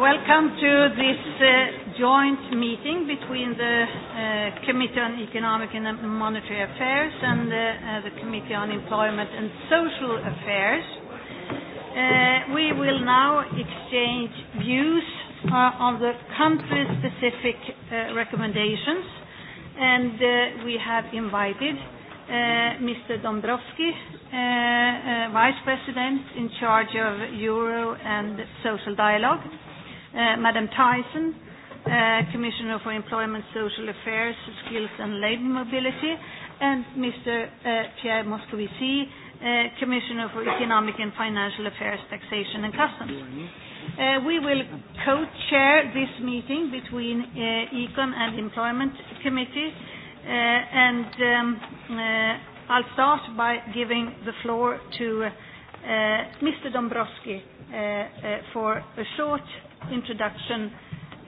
Welcome to this uh, joint meeting between the uh, Committee on Economic and Monetary Affairs and uh, the Committee on Employment and Social Affairs. Uh, we will now exchange views uh, on the country-specific uh, recommendations and uh, we have invited Uh, Mr. Dombrovskis, uh, uh, Vice President in charge of Euro and Social Dialogue, uh, Madam Tyson, uh, Commissioner for Employment, Social Affairs, Skills and Labour Mobility, and Mr. Uh, Pierre Moscovici, uh, Commissioner for Economic and Financial Affairs, Taxation and Customs. Uh, we will co-chair this meeting between uh, Econ and Employment Committee, uh, and um, uh, I'll start by giving the floor to uh, Mr. Dombrowski uh, uh, for a short introduction.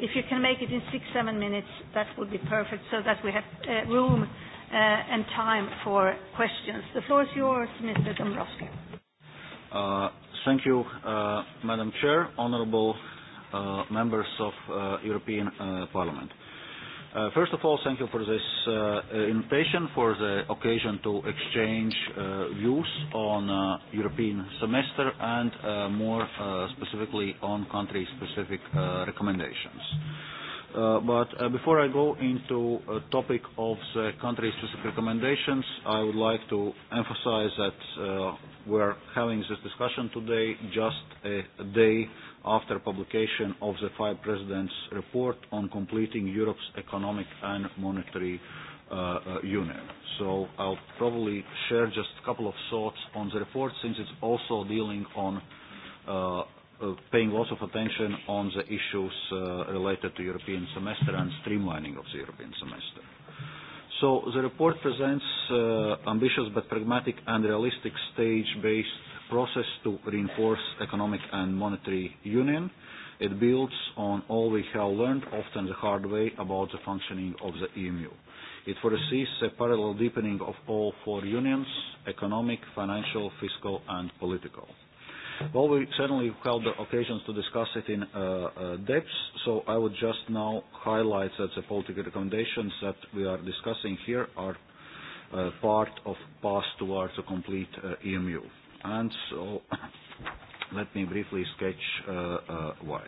If you can make it in six, seven minutes, that would be perfect so that we have uh, room uh, and time for questions. The floor is yours, Mr. Dombrovski. Uh, thank you, uh, Madam Chair, honorable uh, members of uh, European uh, Parliament. Uh, first of all, thank you for this uh, invitation, for the occasion to exchange uh, views on European semester and more specifically on country-specific recommendations. but before I go into the topic of the country-specific recommendations, I would like to emphasize that we're having this discussion today just a day after publication of the five presidents' report on completing Europe's economic and monetary uh, uh, union. So I'll probably share just a couple of thoughts on the report since it's also dealing on uh, paying lots of attention on the issues related to European semester and streamlining of the European semester. So the report presents ambitious but pragmatic and realistic stage-based process to reinforce economic and monetary union. It builds on all we have learned, often the hard way, about the functioning of the EMU. It foresees a parallel deepening of all four unions, economic, financial, fiscal and political. Well, we certainly held the occasions to discuss it in uh, uh, depth, so I would just now highlight that the political recommendations that we are discussing here are uh, part of path towards a complete uh, EMU. And so let me briefly sketch uh, uh, why.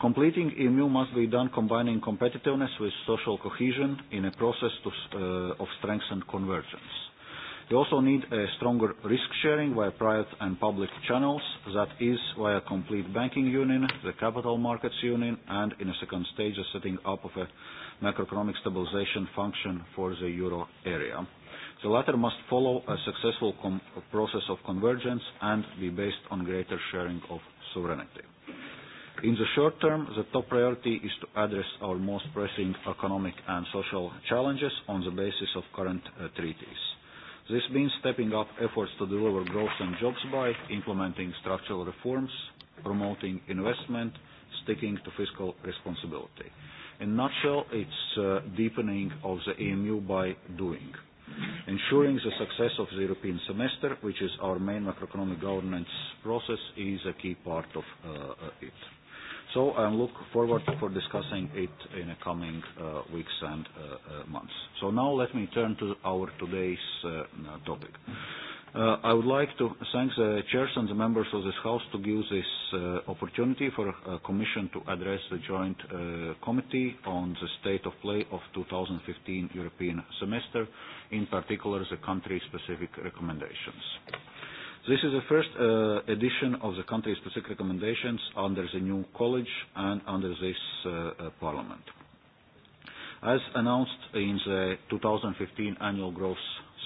Completing EMU must be done combining competitiveness with social cohesion in a process to, uh, of strengthened convergence. We also need a stronger risk sharing via private and public channels, that is via complete banking union, the capital markets union, and in a second stage, the setting up of a macroeconomic stabilization function for the euro area. The latter must follow a successful com process of convergence and be based on greater sharing of sovereignty. In the short term, the top priority is to address our most pressing economic and social challenges on the basis of current uh, treaties. This means stepping up efforts to deliver growth and jobs by implementing structural reforms, promoting investment, sticking to fiscal responsibility. In a nutshell, it's uh, deepening of the EMU by doing. Ensuring the success of the European semester, which is our main macroeconomic governance process, is a key part of uh, it. So I look forward for discussing it in the coming uh, weeks and uh, uh, months. So now let me turn to our today's uh, topic. Uh, I would like to thank the chairs and the members of this House to give this uh, opportunity for a Commission to address the Joint uh, Committee on the State of Play of 2015 European Semester, in particular the country-specific recommendations. This is the first uh, edition of the country-specific recommendations under the new college and under this uh, uh parliament. As announced in the 2015 annual growth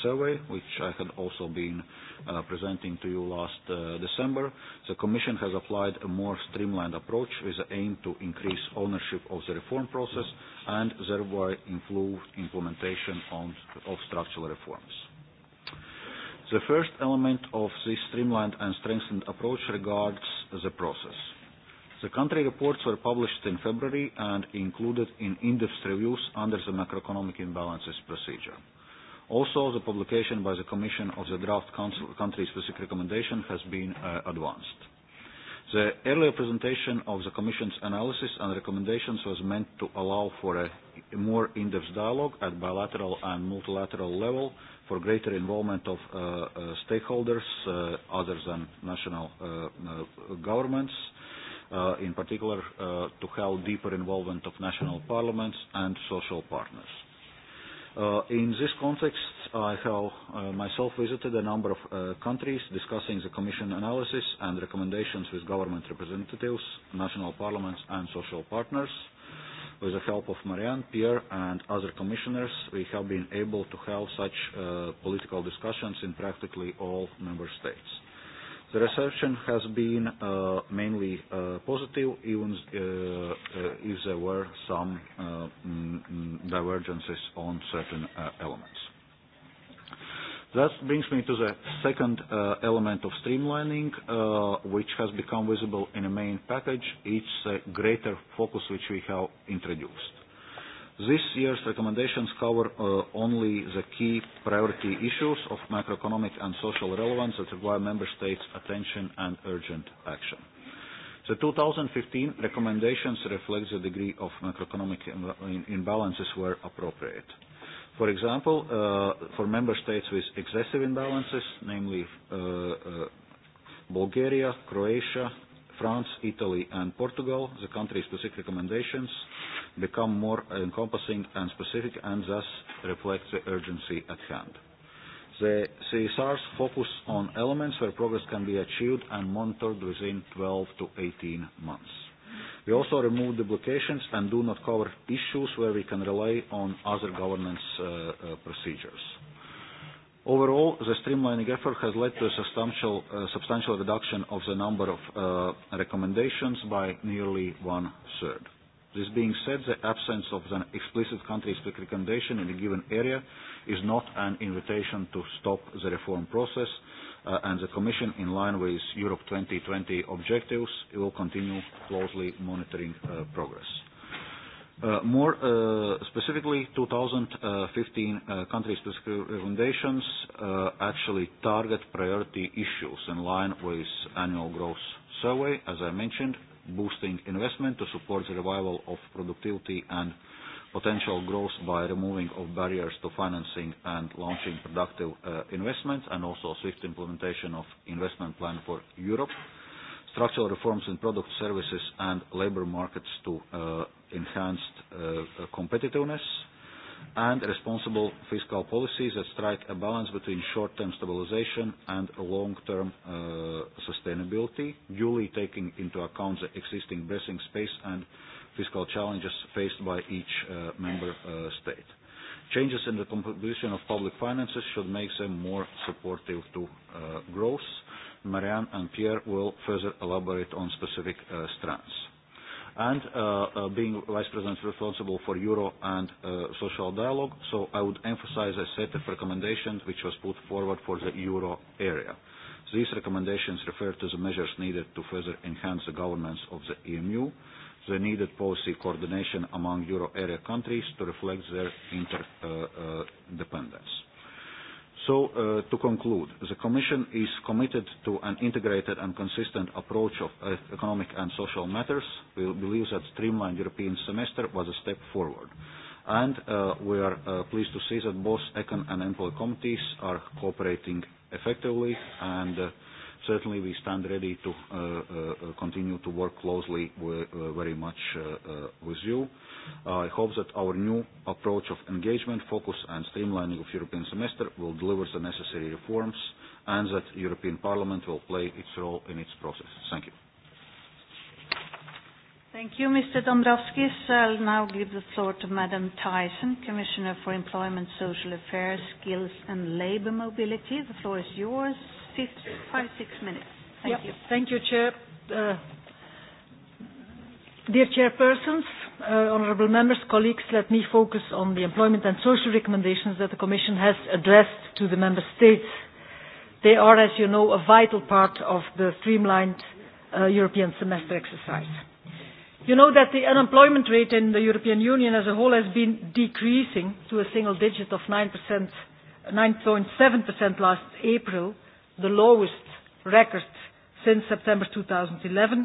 survey, which I had also been uh, presenting to you last uh, December. The Commission has applied a more streamlined approach with the aim to increase ownership of the reform process and thereby improve implementation on, of structural reforms. The first element of this streamlined and strengthened approach regards the process. The country reports were published in February and included in in-depth reviews under the macroeconomic imbalances procedure. Also, the publication by the Commission of the draft country-specific recommendation has been uh, advanced. The earlier presentation of the Commission's analysis and recommendations was meant to allow for a more in-depth dialogue at bilateral and multilateral level for greater involvement of uh, uh, stakeholders uh, other than national uh, uh, governments, in particular to help deeper involvement of national parliaments and social partners. Uh, in this context, I have uh, myself visited a number of uh, countries discussing the Commission analysis and recommendations with government representatives, national parliaments and social partners. With the help of Marianne, Pierre and other commissioners, we have been able to have such uh, political discussions in practically all member states. The reception has been uh, mainly uh, positive, even uh, if there were some mm, divergences on certain elements. That brings me to the second element of streamlining, which has become visible in a main package. It's a greater focus which we have introduced. This year's recommendations cover uh, only the key priority issues of macroeconomic and social relevance that require member states' attention and urgent action. The 2015 recommendations reflect the degree of macroeconomic imbalances where appropriate. For example, uh, for member states with excessive imbalances, namely uh, uh, Bulgaria, Croatia, France, Italy and Portugal, the country-specific recommendations become more encompassing and specific and thus reflect the urgency at hand. The CSRs focus on elements where progress can be achieved and monitored within 12 to 18 months. We also remove duplications and do not cover issues where we can rely on other governance uh, uh, procedures. Overall, the streamlining effort has led to a substantial, uh, substantial reduction of the number of uh, recommendations by nearly one-third. This being said, the absence of an explicit country-specific recommendation in a given area is not an invitation to stop the reform process, uh, and the Commission, in line with Europe 2020 objectives, will continue closely monitoring uh, progress. Uh, more uh, specifically, 2015 uh, country-specific recommendations uh, actually target priority issues in line with annual growth survey, as I mentioned, boosting investment to support the revival of productivity and potential growth by removing of barriers to financing and launching productive uh, investments and also swift implementation of investment plan for Europe, structural reforms in product services and labor markets to uh, enhanced uh, competitiveness, and responsible fiscal policies that strike a balance between short-term stabilization and long-term uh, sustainability, duly taking into account the existing pressing space and fiscal challenges faced by each uh, member uh, state. Changes in the composition of public finances should make them more supportive to growth. Marianne and Pierre will further elaborate on specific strands and uh, uh, being vice president responsible for euro and uh, social dialogue. So I would emphasize a set of recommendations which was put forward for the euro area. These recommendations refer to the measures needed to further enhance the governance of the EMU, the needed policy coordination among euro area countries to reflect their interdependence. Uh, uh, So, uh, to conclude, the Commission is committed to an integrated and consistent approach of e-, economic and social matters. We believe that streamlined European semester was a step forward. And uh, we are uh, pleased to see that both ECON and employee committees are cooperating effectively, and certainly we stand ready to continue to work closely with, very much with you Uh, I hope that our new approach of engagement, focus and streamlining of European semester will deliver the necessary reforms and that European Parliament will play its role in its process. Thank you. Thank you, Mr. Dombrovskis. I'll now give the floor to Madam Tyson, Commissioner for Employment, Social Affairs, Skills and Labour Mobility. The floor is yours. six minutes. Thank yep. you. Thank you, Chair. Uh, Dear chairpersons, uh, honourable members, colleagues, let me focus on the employment and social recommendations that the Commission has addressed to the member states. They are, as you know, a vital part of the streamlined uh, European semester exercise. You know that the unemployment rate in the European Union as a whole has been decreasing to a single digit of 9%, 9.7% last April, the lowest record since September 2011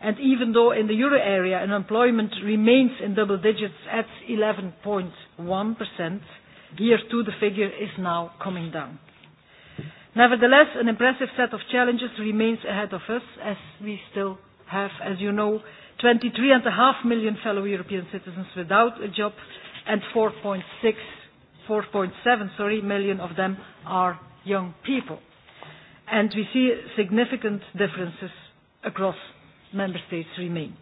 And even though in the euro area unemployment remains in double digits at 11.1%, here too the figure is now coming down. Nevertheless, an impressive set of challenges remains ahead of us as we still have, as you know, 23.5 million fellow European citizens without a job and 4.7 million of them are young people. And we see significant differences across member states remain.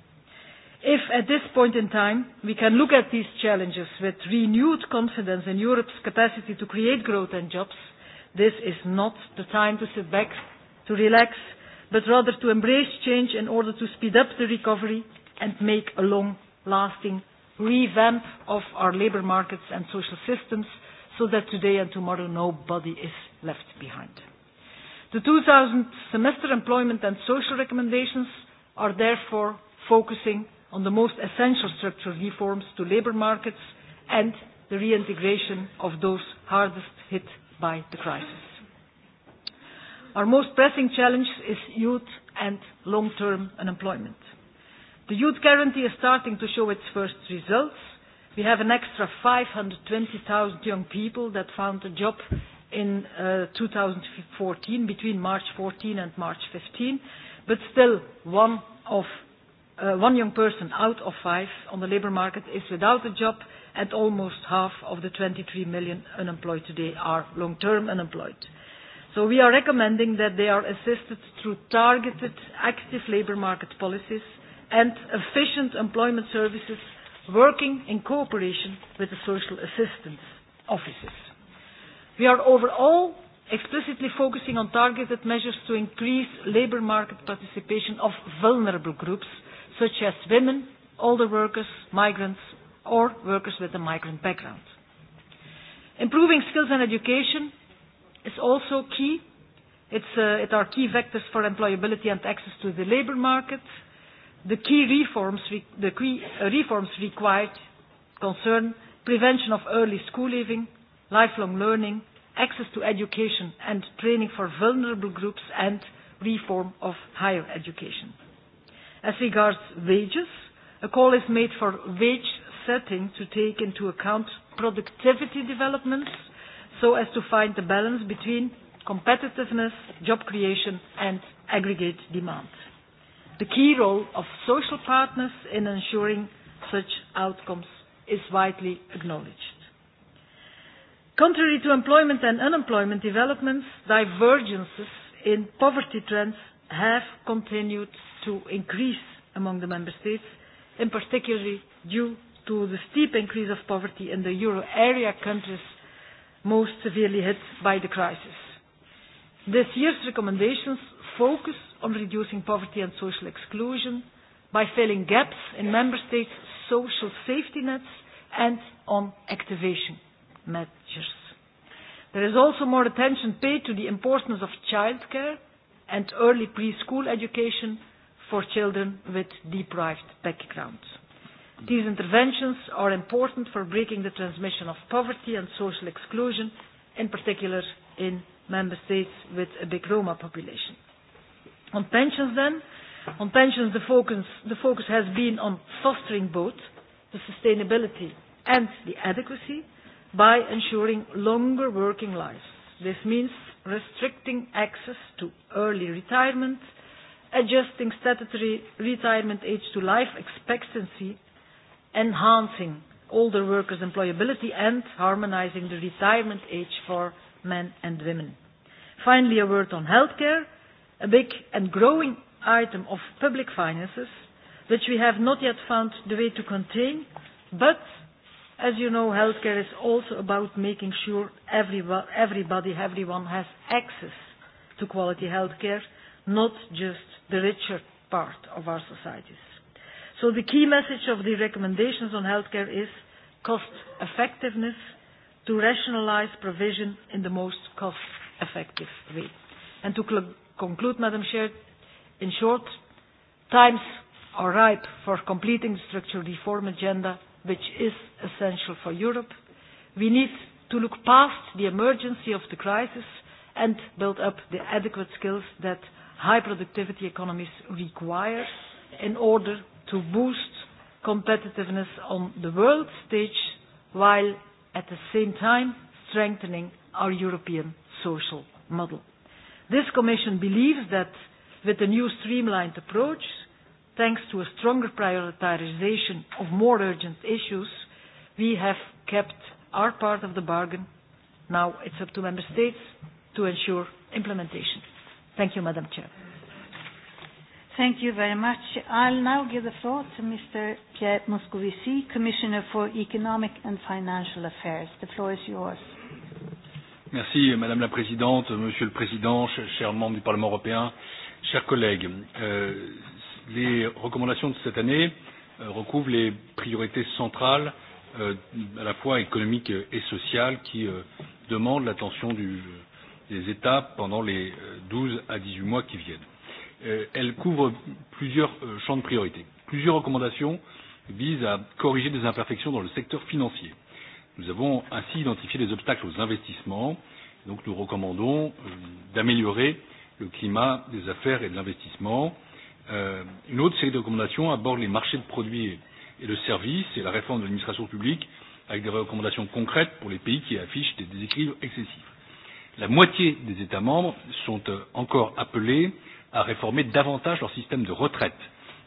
If at this point in time we can look at these challenges with renewed confidence in Europe's capacity to create growth and jobs, this is not the time to sit back, to relax, but rather to embrace change in order to speed up the recovery and make a long-lasting revamp of our labour markets and social systems so that today and tomorrow nobody is left behind. The 2000 semester employment and social recommendations are therefore focusing on the most essential structural reforms to labour markets and the reintegration of those hardest hit by the crisis. Our most pressing challenge is youth and long-term unemployment. The youth guarantee is starting to show its first results. We have an extra 520,000 young people that found a job in uh, 2014, between March 14 and March 15, But still, one of uh, one young person out of five on the labor market is without a job, and almost half of the 23 million unemployed today are long-term unemployed. So we are recommending that they are assisted through targeted active labor market policies and efficient employment services working in cooperation with the social assistance offices. We are overall explicitly focusing on targeted measures to increase labour market participation of vulnerable groups such as women, older workers, migrants or workers with a migrant background. Improving skills and education is also key. It's, uh, it are key vectors for employability and access to the labour market. The key reforms, re the key uh, reforms required concern prevention of early school leaving, lifelong learning, access to education and training for vulnerable groups, and reform of higher education. As regards wages, a call is made for wage setting to take into account productivity developments so as to find the balance between competitiveness, job creation and aggregate demand. The key role of social partners in ensuring such outcomes is widely acknowledged. Contrary to employment and unemployment developments, divergences in poverty trends have continued to increase among the member states, in particular due to the steep increase of poverty in the euro area countries most severely hit by the crisis. This year's recommendations focus on reducing poverty and social exclusion by filling gaps in member states' social safety nets and on activation measures. There is also more attention paid to the importance of childcare and early preschool education for children with deprived backgrounds. These interventions are important for breaking the transmission of poverty and social exclusion, in particular in member states with a big Roma population. On pensions then, on pensions the focus, the focus has been on fostering both the sustainability and the adequacy by ensuring longer working lives. This means restricting access to early retirement, adjusting statutory retirement age to life expectancy, enhancing older workers' employability, and harmonizing the retirement age for men and women. Finally, a word on healthcare, a big and growing item of public finances, which we have not yet found the way to contain, but As you know, healthcare is also about making sure everybody, everyone has access to quality healthcare, not just the richer part of our societies. So the key message of the recommendations on healthcare is cost effectiveness to rationalize provision in the most cost effective way. And to conclude, Madam Chair, in short, times are ripe for completing the structural reform agenda which is essential for Europe. We need to look past the emergency of the crisis and build up the adequate skills that high productivity economies require in order to boost competitiveness on the world stage while at the same time strengthening our European social model. This Commission believes that with a new streamlined approach, thanks to a stronger prioritization of more urgent issues, we have kept our part of the bargain. Now it's up to Member States to ensure implementation. Thank you, Madam Chair. Thank you very much. I'll now give the floor to Mr. Pierre Moscovici, Commissioner for Economic and Financial Affairs. The floor is yours. Merci, Madame la Présidente, Monsieur le Président, chers membres du Parlement européen, chers collègues. Euh, Les recommandations de cette année euh, recouvrent les priorités centrales euh, à la fois économiques et sociales qui euh, demandent l'attention des États pendant les 12 à 18 mois qui viennent. Elles couvrent plusieurs champs de priorité. Plusieurs recommandations visent à corriger des imperfections dans le secteur financier. Nous avons ainsi identifié des obstacles aux investissements. Donc nous recommandons d'améliorer le climat des affaires et de l'investissement Euh, une autre série de recommandations aborde les marchés de produits et de services et la réforme de l'administration publique avec des recommandations concrètes pour les pays qui affichent des déséquilibres excessifs. La moitié des États membres sont euh, encore appelés à réformer davantage leur système de retraite,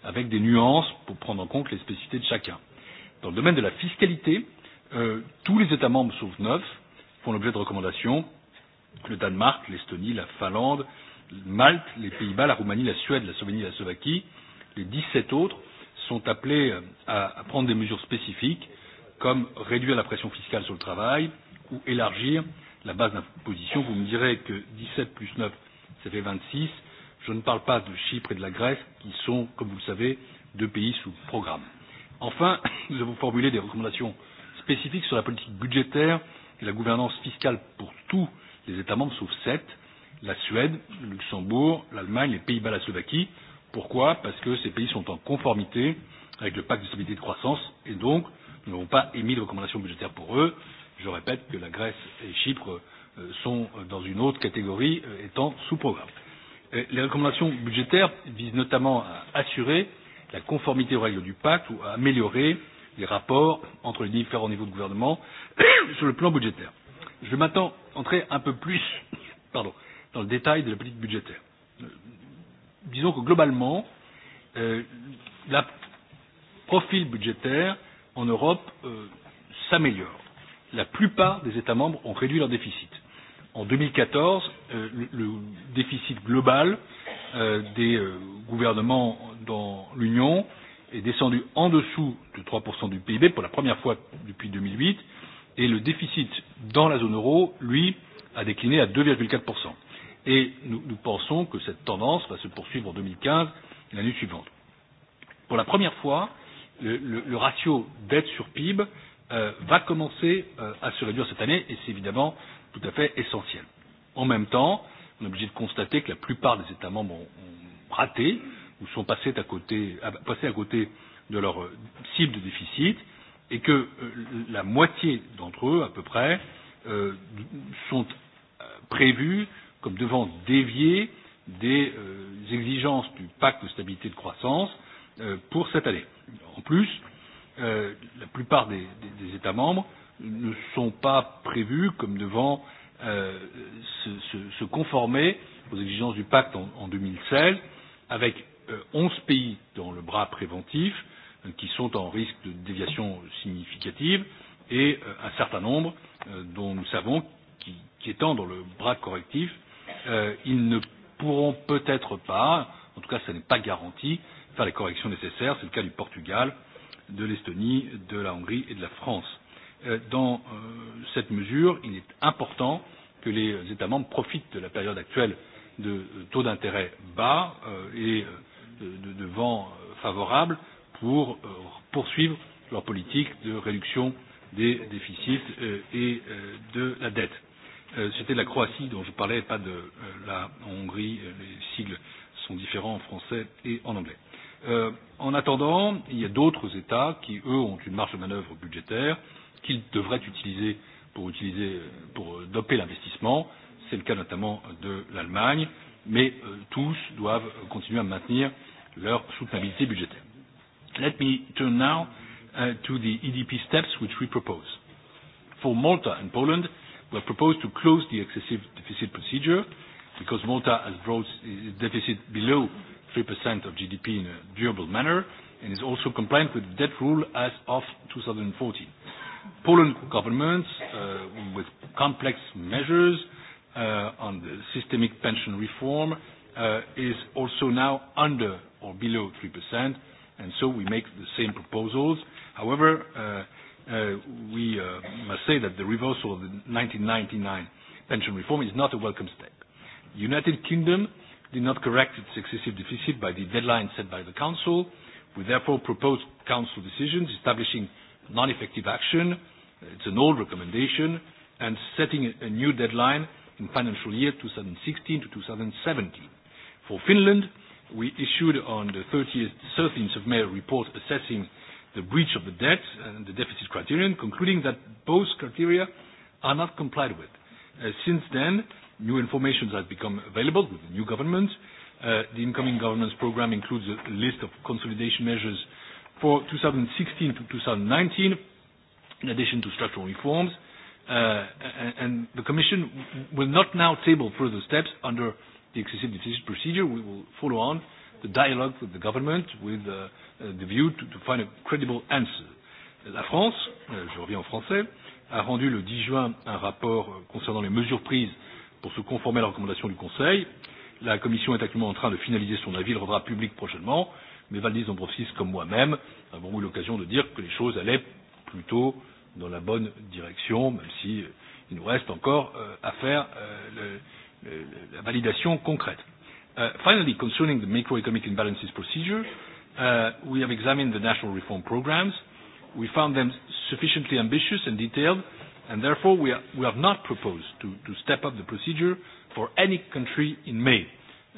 avec des nuances pour prendre en compte les spécificités de chacun. Dans le domaine de la fiscalité, euh, tous les États membres, sauf neuf, font l'objet de recommandations. Le Danemark, l'Estonie, la Finlande, Malte, les Pays-Bas, la Roumanie, la Suède, la Slovénie la Slovaquie. Les 17 autres sont appelés euh, à prendre des mesures spécifiques comme réduire la pression fiscale sur le travail ou élargir la base d'imposition. Vous me direz que 17 plus 9, ça fait 26. Je ne parle pas de Chypre et de la Grèce qui sont, comme vous le savez, deux pays sous programme. Enfin, nous avons formulé des recommandations spécifiques sur la politique budgétaire et la gouvernance fiscale pour tous les États membres sauf sept la Suède, le Luxembourg, l'Allemagne, les Pays-Bas, la Slovaquie. Pourquoi Parce que ces pays sont en conformité avec le pacte de stabilité et de croissance et donc nous n'avons pas émis de recommandations budgétaires pour eux. Je répète que la Grèce et Chypre euh, sont dans une autre catégorie euh, étant sous programme. Euh, les recommandations budgétaires visent notamment à assurer la conformité aux règles du pacte ou à améliorer les rapports entre les différents niveaux de gouvernement sur le plan budgétaire. Je vais maintenant entrer un peu plus pardon, dans le détail de la politique budgétaire. Euh, disons que globalement, euh, le profil budgétaire en Europe euh, s'améliore. La plupart des États membres ont réduit leur déficit. En 2014, euh, le, le déficit global euh, des euh, gouvernements dans l'Union est descendu en dessous de 3% du PIB pour la première fois depuis 2008 et le déficit dans la zone euro, lui, a décliné à 2,4% et nous, nous pensons que cette tendance va se poursuivre en 2015 et l'année suivante. Pour la première fois, le, le, le ratio dette sur PIB euh, va commencer euh, à se réduire cette année et c'est évidemment tout à fait essentiel. En même temps, on est obligé de constater que la plupart des États membres ont, ont raté ou sont passés à côté, à, passés à côté de leur euh, cible de déficit et que euh, la moitié d'entre eux, à peu près, euh, sont euh, prévus comme devant dévier des euh, exigences du pacte de stabilité et de croissance euh, pour cette année. En plus, euh, la plupart des, des, des États membres ne sont pas prévus comme devant euh, se, se, se conformer aux exigences du pacte en, en 2016, avec euh, 11 pays dans le bras préventif euh, qui sont en risque de déviation significative et un certain nombre dont nous savons qui, qui étant dans le bras correctif euh, ils ne pourront peut-être pas, en tout cas ce n'est pas garanti, faire les corrections nécessaires. C'est le cas du Portugal, de l'Estonie, de la Hongrie et de la France. Euh, dans euh, cette mesure, il est important que les États membres profitent de la période actuelle de euh, taux d'intérêt bas et de vent favorable pour poursuivre leur politique de réduction des déficits et de la dette. Euh, c'était la Croatie dont je parlais, pas de euh, la Hongrie. Euh, les sigles sont différents en français et en anglais. Euh, en attendant, il y a d'autres États qui, eux, ont une marge de manœuvre budgétaire qu'ils devraient utiliser pour, utiliser, pour doper l'investissement. C'est le cas notamment de l'Allemagne, mais euh, tous doivent continuer à maintenir leur soutenabilité budgétaire. Let me turn now uh, to the EDP steps which we propose. For Malta and Poland, We proposed to close the excessive deficit procedure because Malta has brought deficit below 3% of GDP in a durable manner and is also compliant with the debt rule as of 2014. Poland government, uh, with complex measures uh, on the systemic pension reform, uh, is also now under or below 3%, and so we make the same proposals. However, uh, Uh, we uh, must say that the reversal of the 1999 pension reform is not a welcome step. The United Kingdom did not correct its excessive deficit by the deadline set by the Council. We therefore proposed Council decisions establishing non-effective action, it's an old recommendation, and setting a new deadline in financial year 2016 to 2017. For Finland, we issued on the 30th, of May a report assessing the breach of the debt and the deficit criterion, concluding that both criteria are not complied with. Uh, since then, new information has become available with the new government. Uh, the incoming government's program includes a list of consolidation measures for 2016 to 2019, in addition to structural reforms, uh, and the Commission will not now table further steps under the excessive deficit procedure. We will follow on the dialogue with the government with uh, uh, the view to, to find a credible answer. La France, euh, je reviens en français, a rendu le 10 juin un rapport euh, concernant les mesures prises pour se conformer à la recommandation du Conseil. La Commission est actuellement en train de finaliser son avis, le rendra public prochainement, mais Valdis Dombrovskis, comme moi-même, avons eu l'occasion de dire que les choses allaient plutôt dans la bonne direction, même si euh, il nous reste encore à faire la validation concrète. Uh, finally, concerning the macroeconomic imbalances procedure, uh, we have examined the national reform programs. We found them sufficiently ambitious and detailed, and therefore we, we have not proposed to, to step up the procedure for any country in May,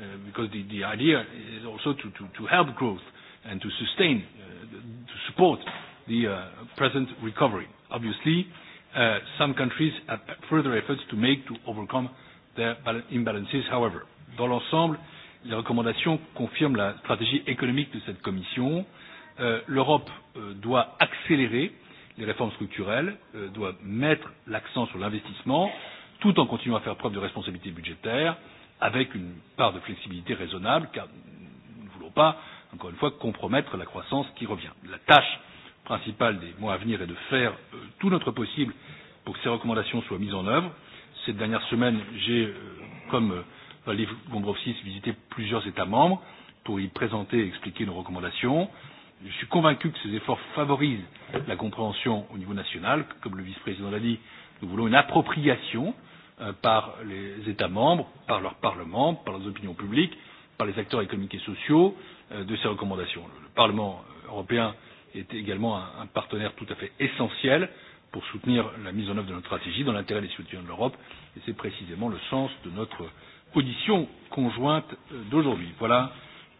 uh, because the, the idea is also to, to help growth and to sustain, uh, to support the present recovery. Obviously, some countries have further efforts to make to overcome their imbalances, however. Dans l'ensemble, les recommandations confirment la stratégie économique de cette Commission. Euh, L'Europe euh, doit accélérer les réformes structurelles, euh, doit mettre l'accent sur l'investissement, tout en continuant à faire preuve de responsabilité budgétaire, avec une part de flexibilité raisonnable, car nous ne voulons pas, encore une fois, compromettre la croissance qui revient. La tâche principale des mois à venir est de faire tout notre possible pour que ces recommandations soient mises en œuvre. Cette dernière semaine, j'ai, comme les a visiter plusieurs États membres pour y présenter et expliquer nos recommandations. Je suis convaincu que ces efforts favorisent la compréhension au niveau national. Comme le vice-président l'a dit, nous voulons une appropriation euh, par les États membres, par leur Parlement, par leurs opinions publiques, par les acteurs économiques et sociaux euh, de ces recommandations. Le, le Parlement euh, européen est également un, un partenaire tout à fait essentiel pour soutenir la mise en œuvre de notre stratégie dans l'intérêt des citoyens de l'Europe et c'est précisément le sens de notre audition conjointe euh, d'aujourd'hui. Voilà,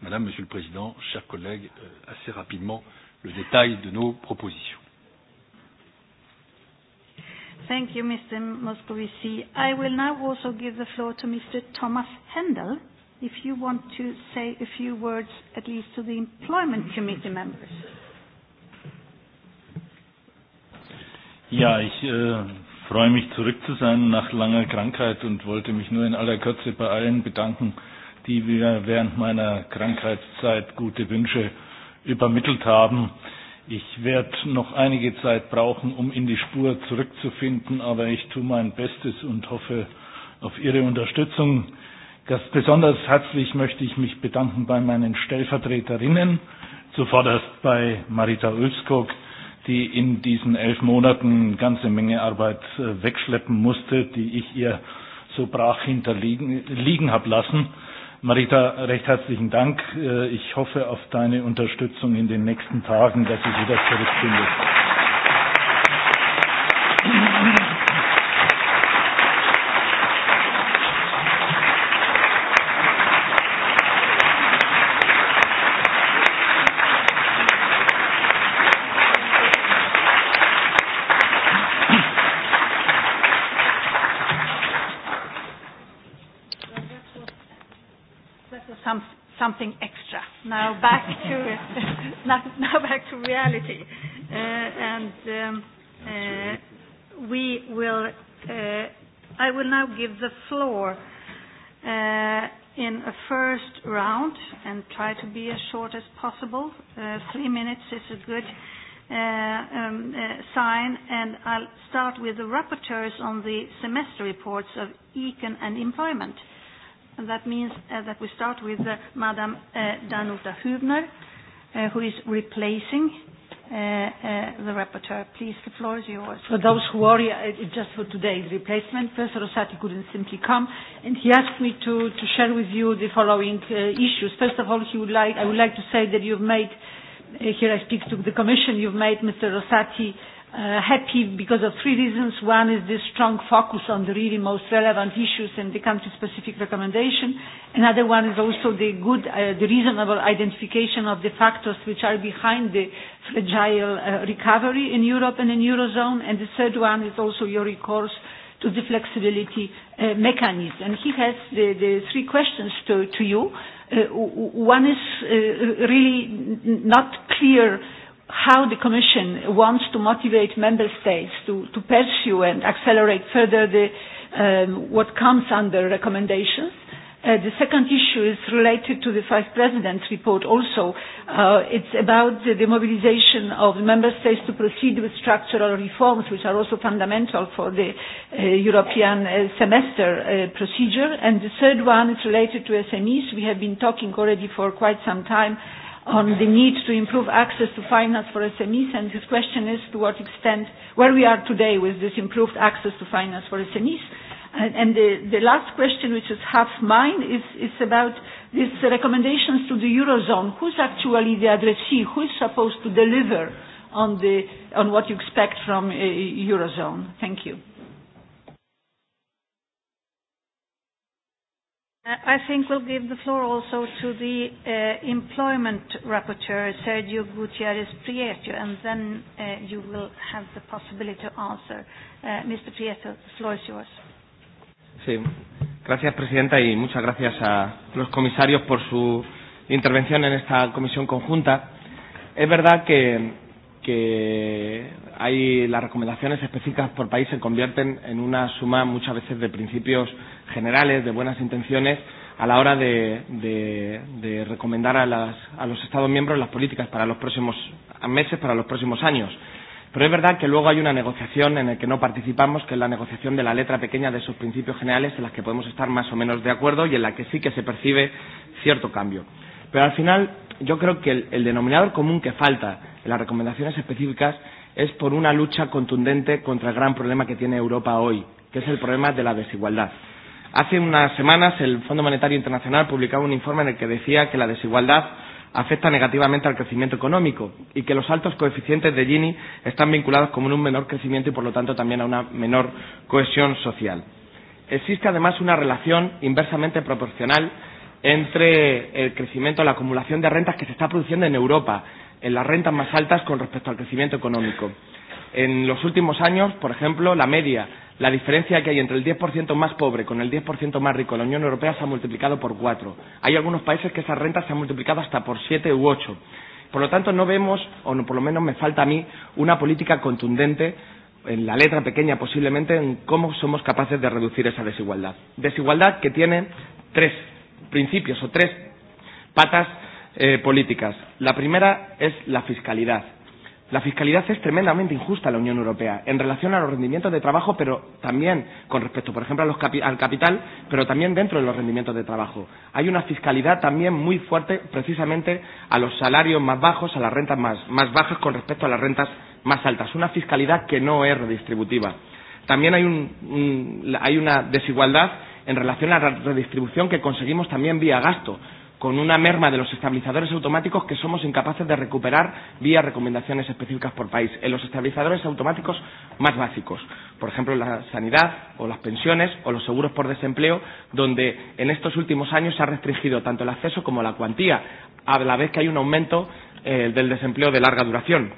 Madame, Monsieur le Président, chers collègues, euh, assez rapidement le détail de nos propositions. Thank you, Mr. Moscovici. I will now also give the floor to Mr. Thomas Hendel, if you want to say a few words, at least to the Employment Committee members. Ja, ich freue mich, zurück zu sein nach langer Krankheit und wollte mich nur in aller Kürze bei allen bedanken, die mir während meiner Krankheitszeit gute Wünsche übermittelt haben. Ich werde noch einige Zeit brauchen, um in die Spur zurückzufinden, aber ich tue mein Bestes und hoffe auf Ihre Unterstützung. Ganz besonders herzlich möchte ich mich bedanken bei meinen Stellvertreterinnen, zuvorderst bei Marita Ulskog, die in diesen elf Monaten ganze Menge Arbeit äh, wegschleppen musste, die ich ihr so brach hinterliegen liegen habe lassen. Marita, recht herzlichen Dank. Äh, ich hoffe auf deine Unterstützung in den nächsten Tagen, dass ich wieder zurückfinde. reality. Uh, and um, uh, we will, uh, I will now give the floor uh, in a first round and try to be as short as possible. Uh, three minutes is a good uh, um, sign, and I'll start with the rapporteurs on the semester reports of Econ and Employment. And that means that we start with Madam Danuta Hübner, Uh, who is replacing uh, uh, the rapporteur. Please, the floor is yours. For those who worry, uh, just for today's replacement, Professor Rosati couldn't simply come, and he asked me to, to share with you the following uh, issues. First of all, he would like, I would like to say that you've made, uh, here I speak to the Commission, you've made Mr. Rosati uh, happy because of three reasons. One is this strong focus on the really most relevant issues and the country-specific recommendation. Another one is also the good, uh, the reasonable identification of the factors which are behind the fragile uh, recovery in Europe and in Eurozone. And the third one is also your recourse to the flexibility uh, mechanism. And he has the, the three questions to, to you. Uh, one is uh, really not clear how the Commission wants to motivate Member States to, to pursue and accelerate further the, um, what comes under recommendations. Uh, the second issue is related to the Vice President's report also. Uh, it's about the, the mobilization of Member States to proceed with structural reforms, which are also fundamental for the uh, European uh, semester uh, procedure. And the third one is related to SMEs. We have been talking already for quite some time on the need to improve access to finance for SMEs, and his question is to what extent, where we are today with this improved access to finance for SMEs. And, and the, the last question, which is half mine, is, is about these recommendations to the Eurozone. Who's actually the addressee? Who is supposed to deliver on, the, on what you expect from uh, Eurozone? Thank you. Uh, I think we'll give the floor also to the uh, employment rapporteur, Sergio Gutierrez Prieto, and then uh, you will have the possibility to answer. Uh, Mr. Prieto, the floor is yours. Sí. Gracias, Presidenta, y muchas gracias a los comisarios por su intervención en esta comisión conjunta. Es verdad que que hay las recomendaciones específicas por país se convierten en una suma muchas veces de principios generales, de buenas intenciones a la hora de, de, de recomendar a, las, a los Estados miembros las políticas para los próximos meses, para los próximos años. Pero es verdad que luego hay una negociación en la que no participamos, que es la negociación de la letra pequeña de esos principios generales en las que podemos estar más o menos de acuerdo y en la que sí que se percibe cierto cambio. Pero al final yo creo que el, el denominador común que falta en las recomendaciones específicas es por una lucha contundente contra el gran problema que tiene Europa hoy, que es el problema de la desigualdad. Hace unas semanas el Fondo Monetario Internacional publicaba un informe en el que decía que la desigualdad afecta negativamente al crecimiento económico y que los altos coeficientes de Gini están vinculados con un menor crecimiento y por lo tanto también a una menor cohesión social. Existe además una relación inversamente proporcional entre el crecimiento, la acumulación de rentas que se está produciendo en Europa en las rentas más altas con respecto al crecimiento económico. En los últimos años, por ejemplo, la media, la diferencia que hay entre el 10% más pobre con el 10% más rico en la Unión Europea se ha multiplicado por cuatro. Hay algunos países que esas rentas se han multiplicado hasta por siete u ocho. Por lo tanto, no vemos, o no, por lo menos me falta a mí, una política contundente en la letra pequeña posiblemente en cómo somos capaces de reducir esa desigualdad. Desigualdad que tiene tres principios o tres patas eh, políticas. La primera es la fiscalidad. La fiscalidad es tremendamente injusta en la Unión Europea en relación a los rendimientos de trabajo, pero también con respecto, por ejemplo, a los capi al capital, pero también dentro de los rendimientos de trabajo. Hay una fiscalidad también muy fuerte precisamente a los salarios más bajos, a las rentas más, más bajas con respecto a las rentas más altas. Una fiscalidad que no es redistributiva. También hay, un, un, hay una desigualdad en relación a la redistribución que conseguimos también vía gasto con una merma de los estabilizadores automáticos que somos incapaces de recuperar vía recomendaciones específicas por país. En los estabilizadores automáticos más básicos, por ejemplo, la sanidad o las pensiones o los seguros por desempleo, donde en estos últimos años se ha restringido tanto el acceso como la cuantía, a la vez que hay un aumento eh, del desempleo de larga duración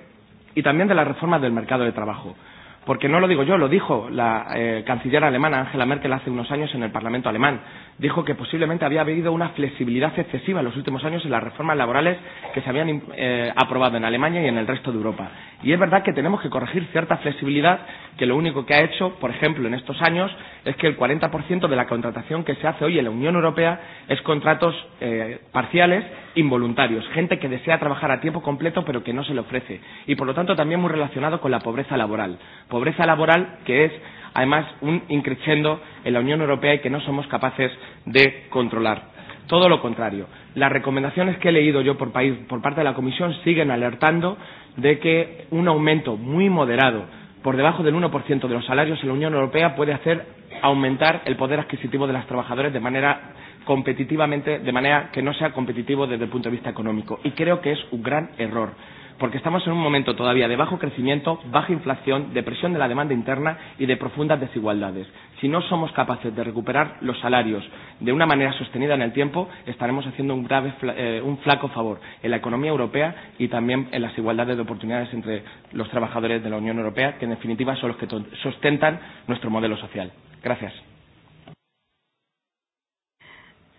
y también de la reforma del mercado de trabajo. Porque no lo digo yo, lo dijo la eh, canciller alemana Angela Merkel hace unos años en el Parlamento alemán. Dijo que posiblemente había habido una flexibilidad excesiva en los últimos años en las reformas laborales que se habían eh, aprobado en Alemania y en el resto de Europa. Y es verdad que tenemos que corregir cierta flexibilidad que lo único que ha hecho, por ejemplo, en estos años es que el 40% de la contratación que se hace hoy en la Unión Europea es contratos eh, parciales involuntarios, gente que desea trabajar a tiempo completo pero que no se le ofrece y por lo tanto también muy relacionado con la pobreza laboral pobreza laboral que es además un increciendo en la Unión Europea y que no somos capaces de controlar. Todo lo contrario. Las recomendaciones que he leído yo por, país, por parte de la Comisión siguen alertando de que un aumento muy moderado por debajo del 1% de los salarios en la Unión Europea puede hacer aumentar el poder adquisitivo de las trabajadoras de manera competitivamente, de manera que no sea competitivo desde el punto de vista económico. Y creo que es un gran error porque estamos en un momento todavía de bajo crecimiento, baja inflación, depresión de la demanda interna y de profundas desigualdades. Si no somos capaces de recuperar los salarios de una manera sostenida en el tiempo, estaremos haciendo un grave eh, un flaco favor en la economía europea y también en las igualdades de oportunidades entre los trabajadores de la Unión Europea, que en definitiva son los que sustentan nuestro modelo social. Gracias.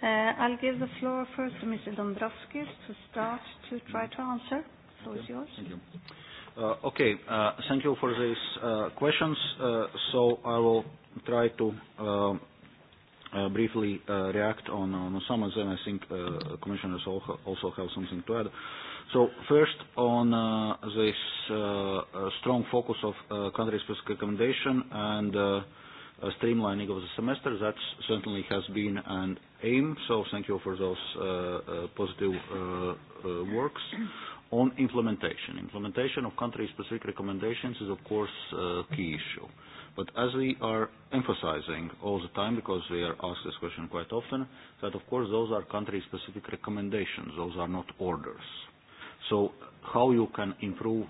Uh, I'll give the floor first to Mr. Dombrovskis to start to try to answer floor is yours. Thank you. Uh, okay, uh, thank you for these uh, questions. Uh, so I will try to uh, uh, briefly uh, react on, on some of them. I think uh, commissioners also have something to add. So first on uh, this uh, uh strong focus of uh, country-specific recommendation and uh, streamlining of the semester. That certainly has been an aim, so thank you for those uh, uh, positive uh, uh, works. On implementation, implementation of country-specific recommendations is of course a key issue. But as we are emphasizing all the time, because we are asked this question quite often, that of course those are country-specific recommendations, those are not orders. So how you can improve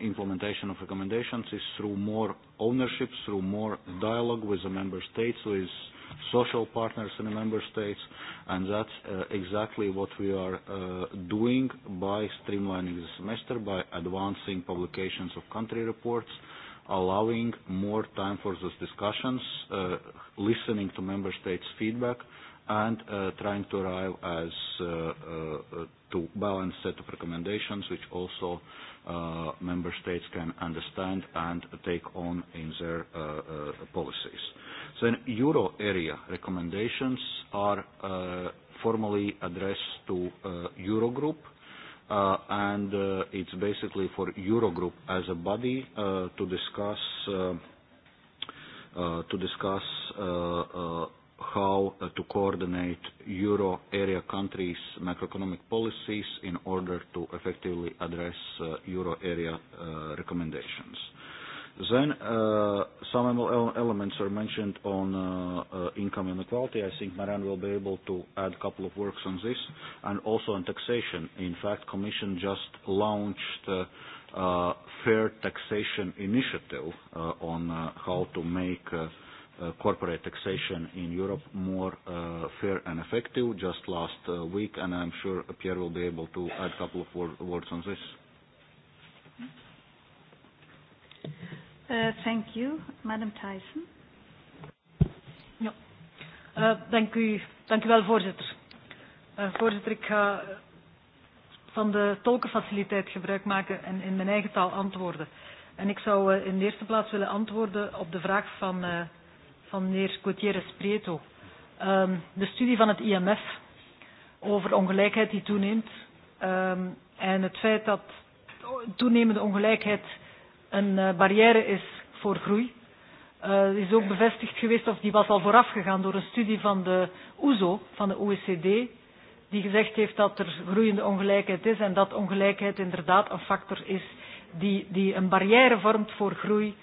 implementation of recommendations is through more ownership, through more dialogue with the member states, with social partners in the member states, and that's uh, exactly what we are uh, doing by streamlining the semester, by advancing publications of country reports, allowing more time for those discussions, uh, listening to member states' feedback, and uh, trying to arrive as uh, uh to balanced set of recommendations which also uh, member states can understand and take on in their uh, uh policies. So euro area recommendations are uh, formally addressed to Eurogroup uh, and uh, it's basically for Eurogroup as a body to discuss uh, to discuss uh, how uh, to coordinate euro area countries' macroeconomic policies in order to effectively address uh, euro area uh, recommendations. Then uh, some elements are mentioned on uh, uh, income inequality. I think Marianne will be able to add a couple of works on this and also on taxation. In fact, Commission just launched a fair taxation initiative on how to make Uh, corporate taxation in Europe more uh, fair and effective just last uh, week, and I'm sure Pierre will be able to add a couple of words on this. Thank you. Madam Tyson. Ja. Thank u, dank u voorzitter. Voorzitter, ik ga van de tolkenfaciliteit gebruik maken en in mijn eigen taal antwoorden. En ik zou in de eerste plaats willen antwoorden op de vraag van van meneer Gutierrez Prieto. Um, de studie van het IMF over ongelijkheid die toeneemt um, en het feit dat toenemende ongelijkheid een uh, barrière is voor groei. Uh, is ook bevestigd geweest, of die was al vooraf gegaan door een studie van de OESO, e van de OECD, die gezegd heeft dat er groeiende ongelijkheid is en dat ongelijkheid inderdaad een factor is die, die een barrière vormt voor groei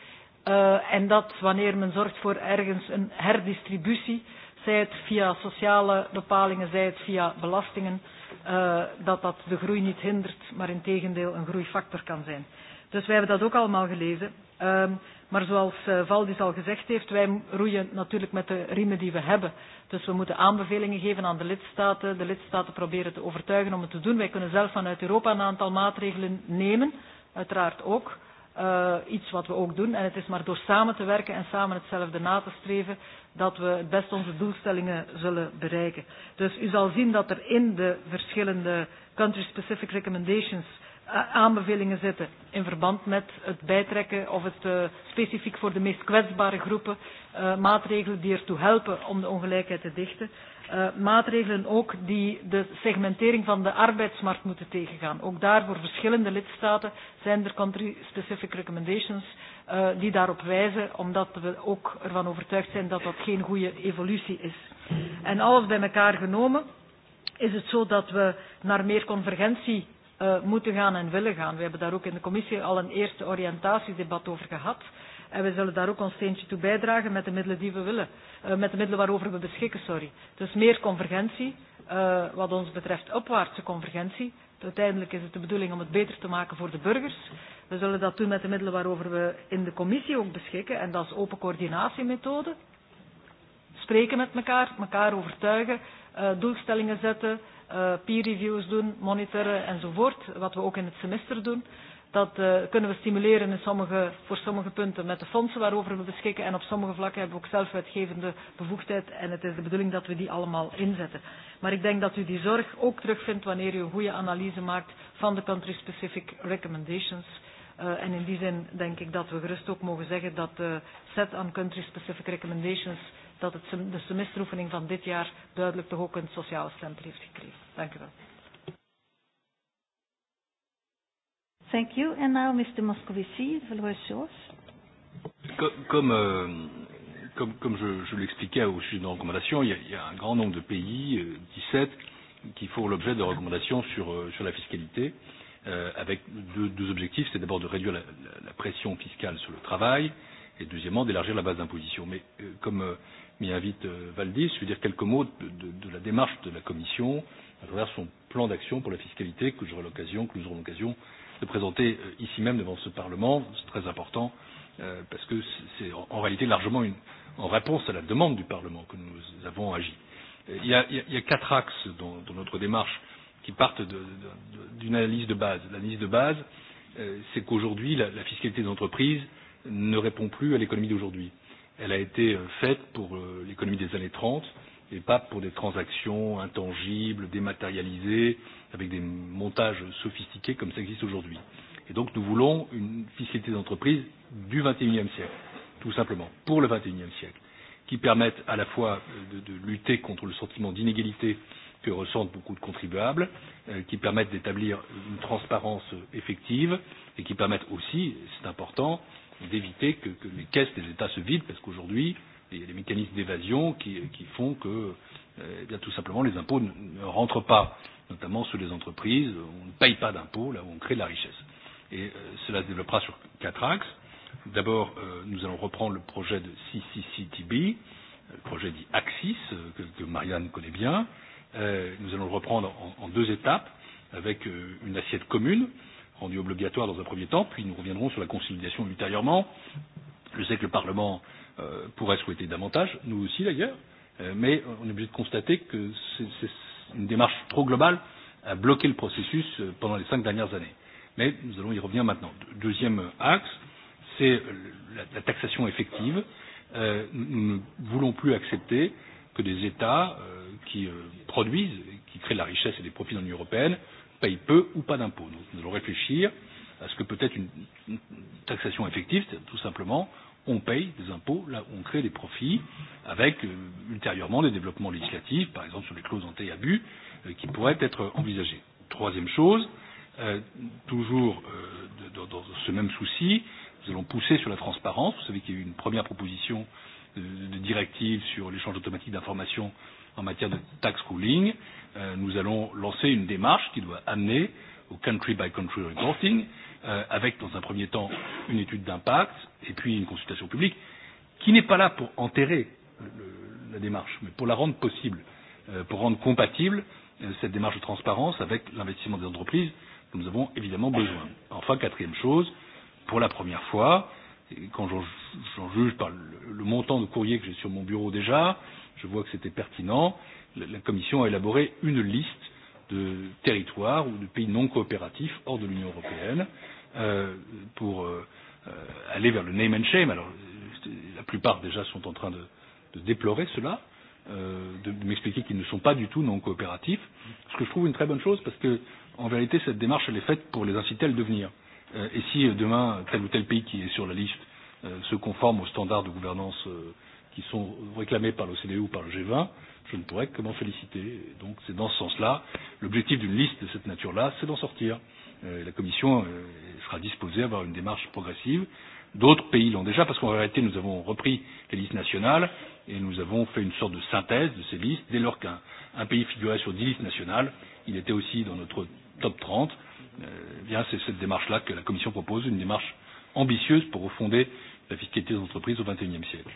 Eh, en dat wanneer men zorgt voor ergens een herdistributie, zij het via sociale bepalingen, zij het via belastingen, uh, dat dat de groei niet hindert, maar in tegendeel een groeifactor kan zijn. Dus wij hebben dat ook allemaal gelezen. Um, maar zoals eh, Valdis al gezegd heeft, wij roeien natuurlijk met de riemen die we hebben. Dus we moeten aanbevelingen geven aan de lidstaten. De lidstaten proberen te overtuigen om het te doen. Wij kunnen zelf vanuit Europa een aantal maatregelen nemen, uiteraard ook. Uh, iets wat we ook doen. En het is maar door samen te werken en samen hetzelfde na te streven dat we het best onze doelstellingen zullen bereiken. Dus u zal zien dat er in de verschillende country-specific recommendations eh, aanbevelingen zitten in verband met het bijtrekken of het uh, specifiek voor de meest kwetsbare groepen uh, maatregelen die ertoe helpen om de ongelijkheid te dichten. Eh, maatregelen ook die de segmentering van de arbeidsmarkt moeten tegengaan. Ook daar voor verschillende lidstaten zijn er country-specific recommendations uh, die daarop wijzen, omdat we ook ervan overtuigd zijn dat dat geen goede evolutie is. En alles bij elkaar genomen is het zo dat we naar meer convergentie uh, moeten gaan en willen gaan. We hebben daar ook in de commissie al een eerste oriëntatiedebat over gehad. En we zullen daar ook ons steentje toe bijdragen met de middelen die we willen. Eh, met de middelen waarover we beschikken, sorry. Dus meer convergentie, eh, wat ons betreft opwaartse convergentie. Uiteindelijk is het de bedoeling om het beter te maken voor de burgers. We zullen dat doen met de middelen waarover we in de commissie ook beschikken. En dat is open coördinatiemethode. Spreken met elkaar, elkaar overtuigen, eh, doelstellingen zetten, peer reviews doen, monitoren enzovoort. Wat we ook in het semester doen. Dat uh, kunnen we stimuleren in sommige, voor sommige punten met de fondsen waarover we beschikken. En op sommige vlakken hebben we ook zelf bevoegdheid. En het is de bedoeling dat we die allemaal inzetten. Maar ik denk dat u die zorg ook terugvindt wanneer u een goede analyse maakt van de country-specific recommendations. Uh, en in die zin denk ik dat we gerust ook mogen zeggen dat de set aan country-specific recommendations, dat het, de semesteroefening van dit jaar duidelijk toch ook een sociale stempel heeft gekregen. Dank u wel. Thank you. And now, Mr. Moscovici, the floor is yours. Comme, euh, comme, comme je, je l'expliquais au sujet de nos recommandations, il y, a, un grand nombre de pays, 17, euh, qui font l'objet de recommandations sur, euh, sur la fiscalité, avec deux, deux objectifs. C'est d'abord de réduire la, pression fiscale sur le travail et deuxièmement d'élargir la base d'imposition. Mais comme euh, m'y invite euh, Valdis, je veux dire quelques mots de, de, de la démarche de la Commission à travers son plan d'action pour la fiscalité que j'aurai l'occasion, que nous aurons l'occasion de présenter euh, ici même devant ce Parlement. C'est très important euh, parce que c'est en réalité largement une, en réponse à la demande du Parlement que nous avons agi. Euh, il y a, il y a quatre axes dans, dans notre démarche qui partent d'une analyse de base. L'analyse de base, c'est qu'aujourd'hui, la, la fiscalité des entreprises ne répond plus à l'économie d'aujourd'hui. Elle a été faite pour l'économie des années 30 et pas pour des transactions intangibles, dématérialisées, avec des montages sophistiqués comme ça existe aujourd'hui. Et donc nous voulons une fiscalité d'entreprise du XXIe siècle, tout simplement, pour le XXIe siècle, qui permette à la fois de, de lutter contre le sentiment d'inégalité que ressentent beaucoup de contribuables, euh, qui permettent d'établir une transparence effective et qui permettent aussi, c'est important, d'éviter que, que les caisses des États se vident, parce qu'aujourd'hui, il y a des mécanismes d'évasion qui, qui font que euh, eh bien, tout simplement les impôts ne, ne rentrent pas notamment sous les entreprises. On ne paye pas d'impôts là où on crée de la richesse. Et euh, cela se développera sur quatre axes. D'abord, euh, nous allons reprendre le projet de CCCTB, euh, le projet dit Axis, que Marianne connaît bien. Nous allons le reprendre en deux étapes, avec une assiette commune, rendue obligatoire dans un premier temps, puis nous reviendrons sur la consolidation ultérieurement. Je sais que le Parlement pourrait souhaiter davantage, nous aussi d'ailleurs, mais on est obligé de constater que c'est une démarche trop globale a bloqué le processus euh, pendant les cinq dernières années. Mais nous allons y revenir maintenant. Deuxième axe, c'est la taxation effective. Euh, nous ne voulons plus accepter que des États euh, qui produisent, qui créent de la richesse et des profits dans l'Union européenne, payent peu ou pas d'impôts. Nous allons réfléchir à ce que peut être une taxation effective, c'est tout simplement on paye des impôts là où on crée des profits, avec euh, ultérieurement des développements législatifs, par exemple sur les clauses anti-abus, euh, qui pourraient être envisagées. Troisième chose, euh, toujours euh, dans, dans ce même souci, nous allons pousser sur la transparence. Vous savez qu'il y a eu une première proposition de, euh, de directive sur l'échange automatique d'informations en matière de tax ruling. Euh, nous allons lancer une démarche qui doit amener au country by country reporting Euh, avec dans un premier temps une étude d'impact et puis une consultation publique qui n'est pas là pour enterrer le, la démarche mais pour la rendre possible euh, pour rendre compatible euh, cette démarche de transparence avec l'investissement des entreprises dont nous avons évidemment besoin. Enfin, quatrième chose, pour la première fois, et quand j'en juge par le montant de courrier que j'ai sur mon bureau déjà, je vois que c'était pertinent, la Commission a élaboré une liste de territoires ou de pays non coopératifs hors de l'Union européenne Euh, pour euh, euh, aller vers le name and shame. Alors, la plupart déjà sont en train de, de déplorer cela, de, de m'expliquer qu'ils ne sont pas du tout non coopératifs, ce que je trouve une très bonne chose parce que, en vérité, cette démarche, elle est faite pour les inciter à le devenir. Et si demain, tel ou tel pays qui est sur la liste se conforme aux standards de gouvernance qui sont réclamés par l'OCDE ou par le G20, je ne pourrais que m'en féliciter. Donc c'est dans ce sens-là, l'objectif d'une liste de cette nature-là, c'est d'en sortir. Euh, la Commission euh, sera disposée à avoir une démarche progressive. D'autres pays l'ont déjà parce qu'en réalité, nous avons repris les listes nationales et nous avons fait une sorte de synthèse de ces listes. Dès lors qu'un pays figurait sur dix listes nationales, il était aussi dans notre top 30. Euh, eh C'est cette démarche-là que la Commission propose, une démarche ambitieuse pour refonder la fiscalité des entreprises au XXIe siècle.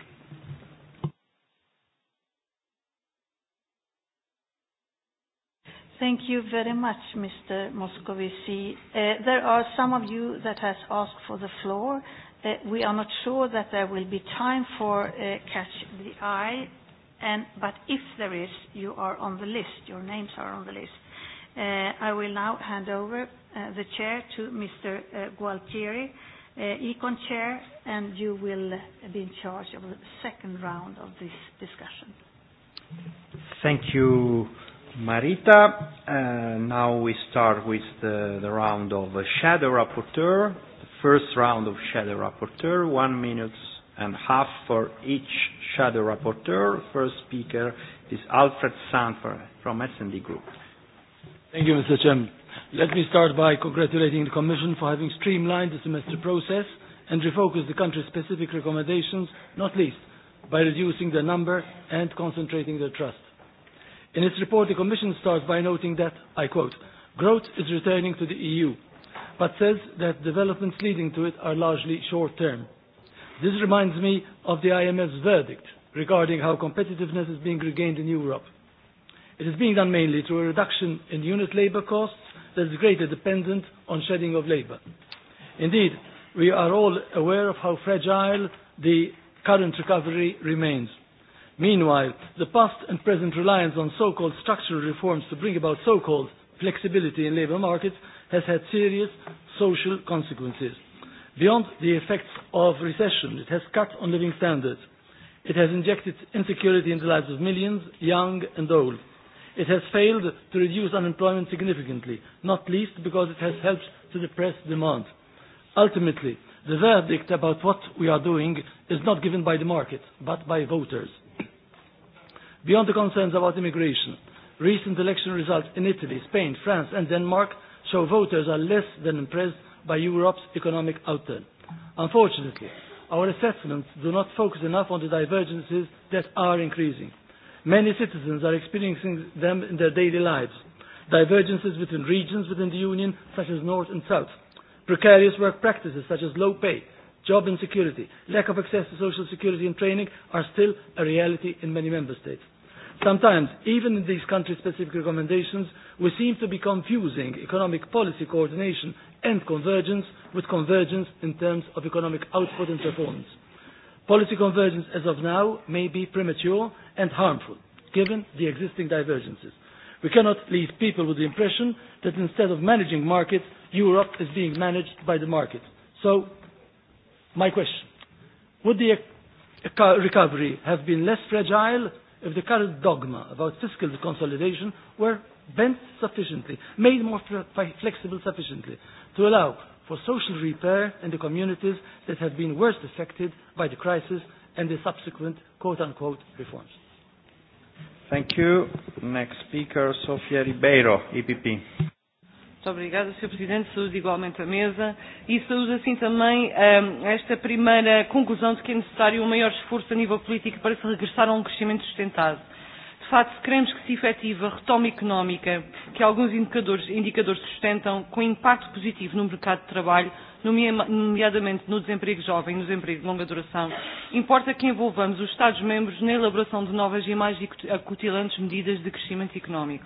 Thank you very much, Mr. Moscovici. Uh, there are some of you that has asked for the floor. Uh, we are not sure that there will be time for uh, Catch the Eye, and, but if there is, you are on the list. Your names are on the list. Uh, I will now hand over uh, the chair to Mr. Uh, Gualtieri, uh, Econ Chair, and you will uh, be in charge of the second round of this discussion. Thank you, Marita. Uh, now we start with the, the round of shadow rapporteur. The first round of shadow rapporteur, one minute and a half for each shadow rapporteur. First speaker is Alfred Sanfer from S&D Group. Thank you, Mr. Chairman. Let me start by congratulating the Commission for having streamlined the semester process and refocused the country-specific recommendations, not least by reducing the number and concentrating the trust. In its report, the Commission starts by noting that, I quote, growth is returning to the EU, but says that developments leading to it are largely short-term. This reminds me of the IMF's verdict regarding how competitiveness is being regained in Europe. It is being done mainly through a reduction in unit labour costs that is greater dependent on shedding of labour. Indeed, we are all aware of how fragile the current recovery remains. Meanwhile, the past and present reliance on so-called structural reforms to bring about so-called flexibility in labour markets has had serious social consequences. Beyond the effects of recession, it has cut on living standards. It has injected insecurity into the lives of millions, young and old. It has failed to reduce unemployment significantly, not least because it has helped to depress demand. Ultimately, the verdict about what we are doing is not given by the market, but by voters. Beyond the concerns about immigration, recent election results in Italy, Spain, France and Denmark show voters are less than impressed by Europe's economic outturn. Unfortunately, our assessments do not focus enough on the divergences that are increasing. Many citizens are experiencing them in their daily lives. Divergences between regions within the Union, such as North and South. Precarious work practices, such as low pay, Job insecurity, lack of access to social security and training are still a reality in many member states. Sometimes, even in these country-specific recommendations, we seem to be confusing economic policy coordination and convergence with convergence in terms of economic output and performance. Policy convergence as of now may be premature and harmful, given the existing divergences. We cannot leave people with the impression that instead of managing markets, Europe is being managed by the market. So My question, would the uh, recovery have been less fragile if the current dogma about fiscal consolidation were bent sufficiently, made more flexible sufficiently, to allow for social repair in the communities that have been worst affected by the crisis and the subsequent quote-unquote reforms? Thank you. Next speaker, Sofia Ribeiro, EPP. Muito obrigada, Sr. Presidente. Saúde igualmente à mesa. E saúde, assim, também ehm, esta primeira conclusão de que é necessário um maior esforço a nível político para se regressar a um crescimento sustentado. De facto, se queremos que se efetiva, a retoma económica que alguns indicadores, indicadores sustentam, com impacto positivo no mercado de trabalho, nomeadamente no desemprego jovem e no desemprego de longa duração, importa que envolvamos os Estados-membros na elaboração de novas e mais acutilantes medidas de crescimento económico.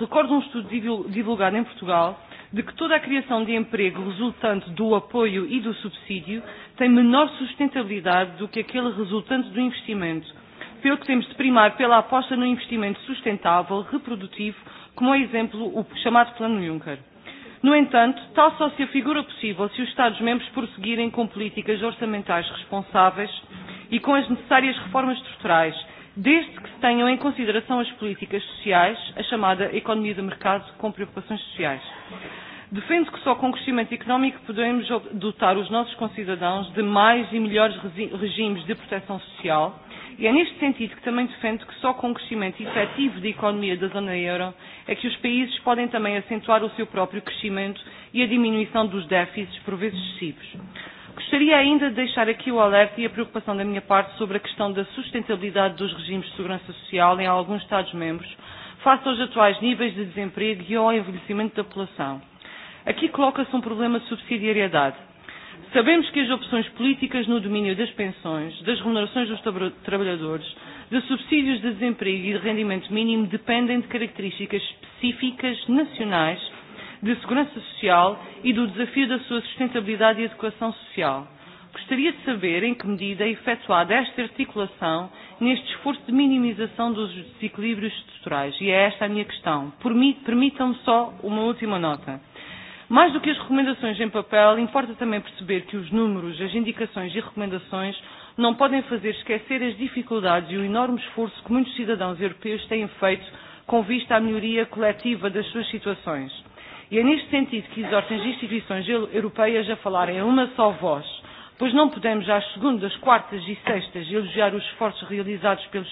Recordo um estudo divulgado em Portugal de que toda a criação de emprego resultante do apoio e do subsídio tem menor sustentabilidade do que aquele resultante do investimento, pelo que temos de primar pela aposta no investimento sustentável, reprodutivo, como é exemplo o chamado Plano Juncker. No entanto, tal só se afigura possível se os Estados-membros prosseguirem com políticas orçamentais responsáveis e com as necessárias reformas estruturais desde que se tenham em consideração as políticas sociais, a chamada economia de mercado com preocupações sociais. Defendo que só com crescimento económico podemos dotar os nossos concidadãos de mais e melhores regimes de proteção social e é neste sentido que também defendo que só com o crescimento efetivo da economia da zona euro é que os países podem também acentuar o seu próprio crescimento e a diminuição dos déficits por vezes excessivos. Gostaria ainda de deixar aqui o alerta e a preocupação da minha parte sobre a questão da sustentabilidade dos regimes de segurança social em alguns Estados-membros, face aos atuais níveis de desemprego e ao envelhecimento da população. Aqui coloca-se um problema de subsidiariedade. Sabemos que as opções políticas no domínio das pensões, das remunerações dos trabalhadores, dos subsídios de desemprego e de rendimento mínimo dependem de características específicas nacionais de segurança social e do desafio da sua sustentabilidade e adequação social. Gostaria de saber em que medida é efetuada esta articulação neste esforço de minimização dos desequilíbrios estruturais. E é esta a minha questão. Permitam-me só uma última nota. Mais do que as recomendações em papel, importa também perceber que os números, as indicações e recomendações não podem fazer esquecer as dificuldades e o enorme esforço que muitos cidadãos europeus têm feito com vista à melhoria coletiva das suas situações. E é neste sentido que exorto as instituições europeias a falarem a uma só voz, pois não podemos às segundas, quartas e sextas elogiar os esforços realizados pelos,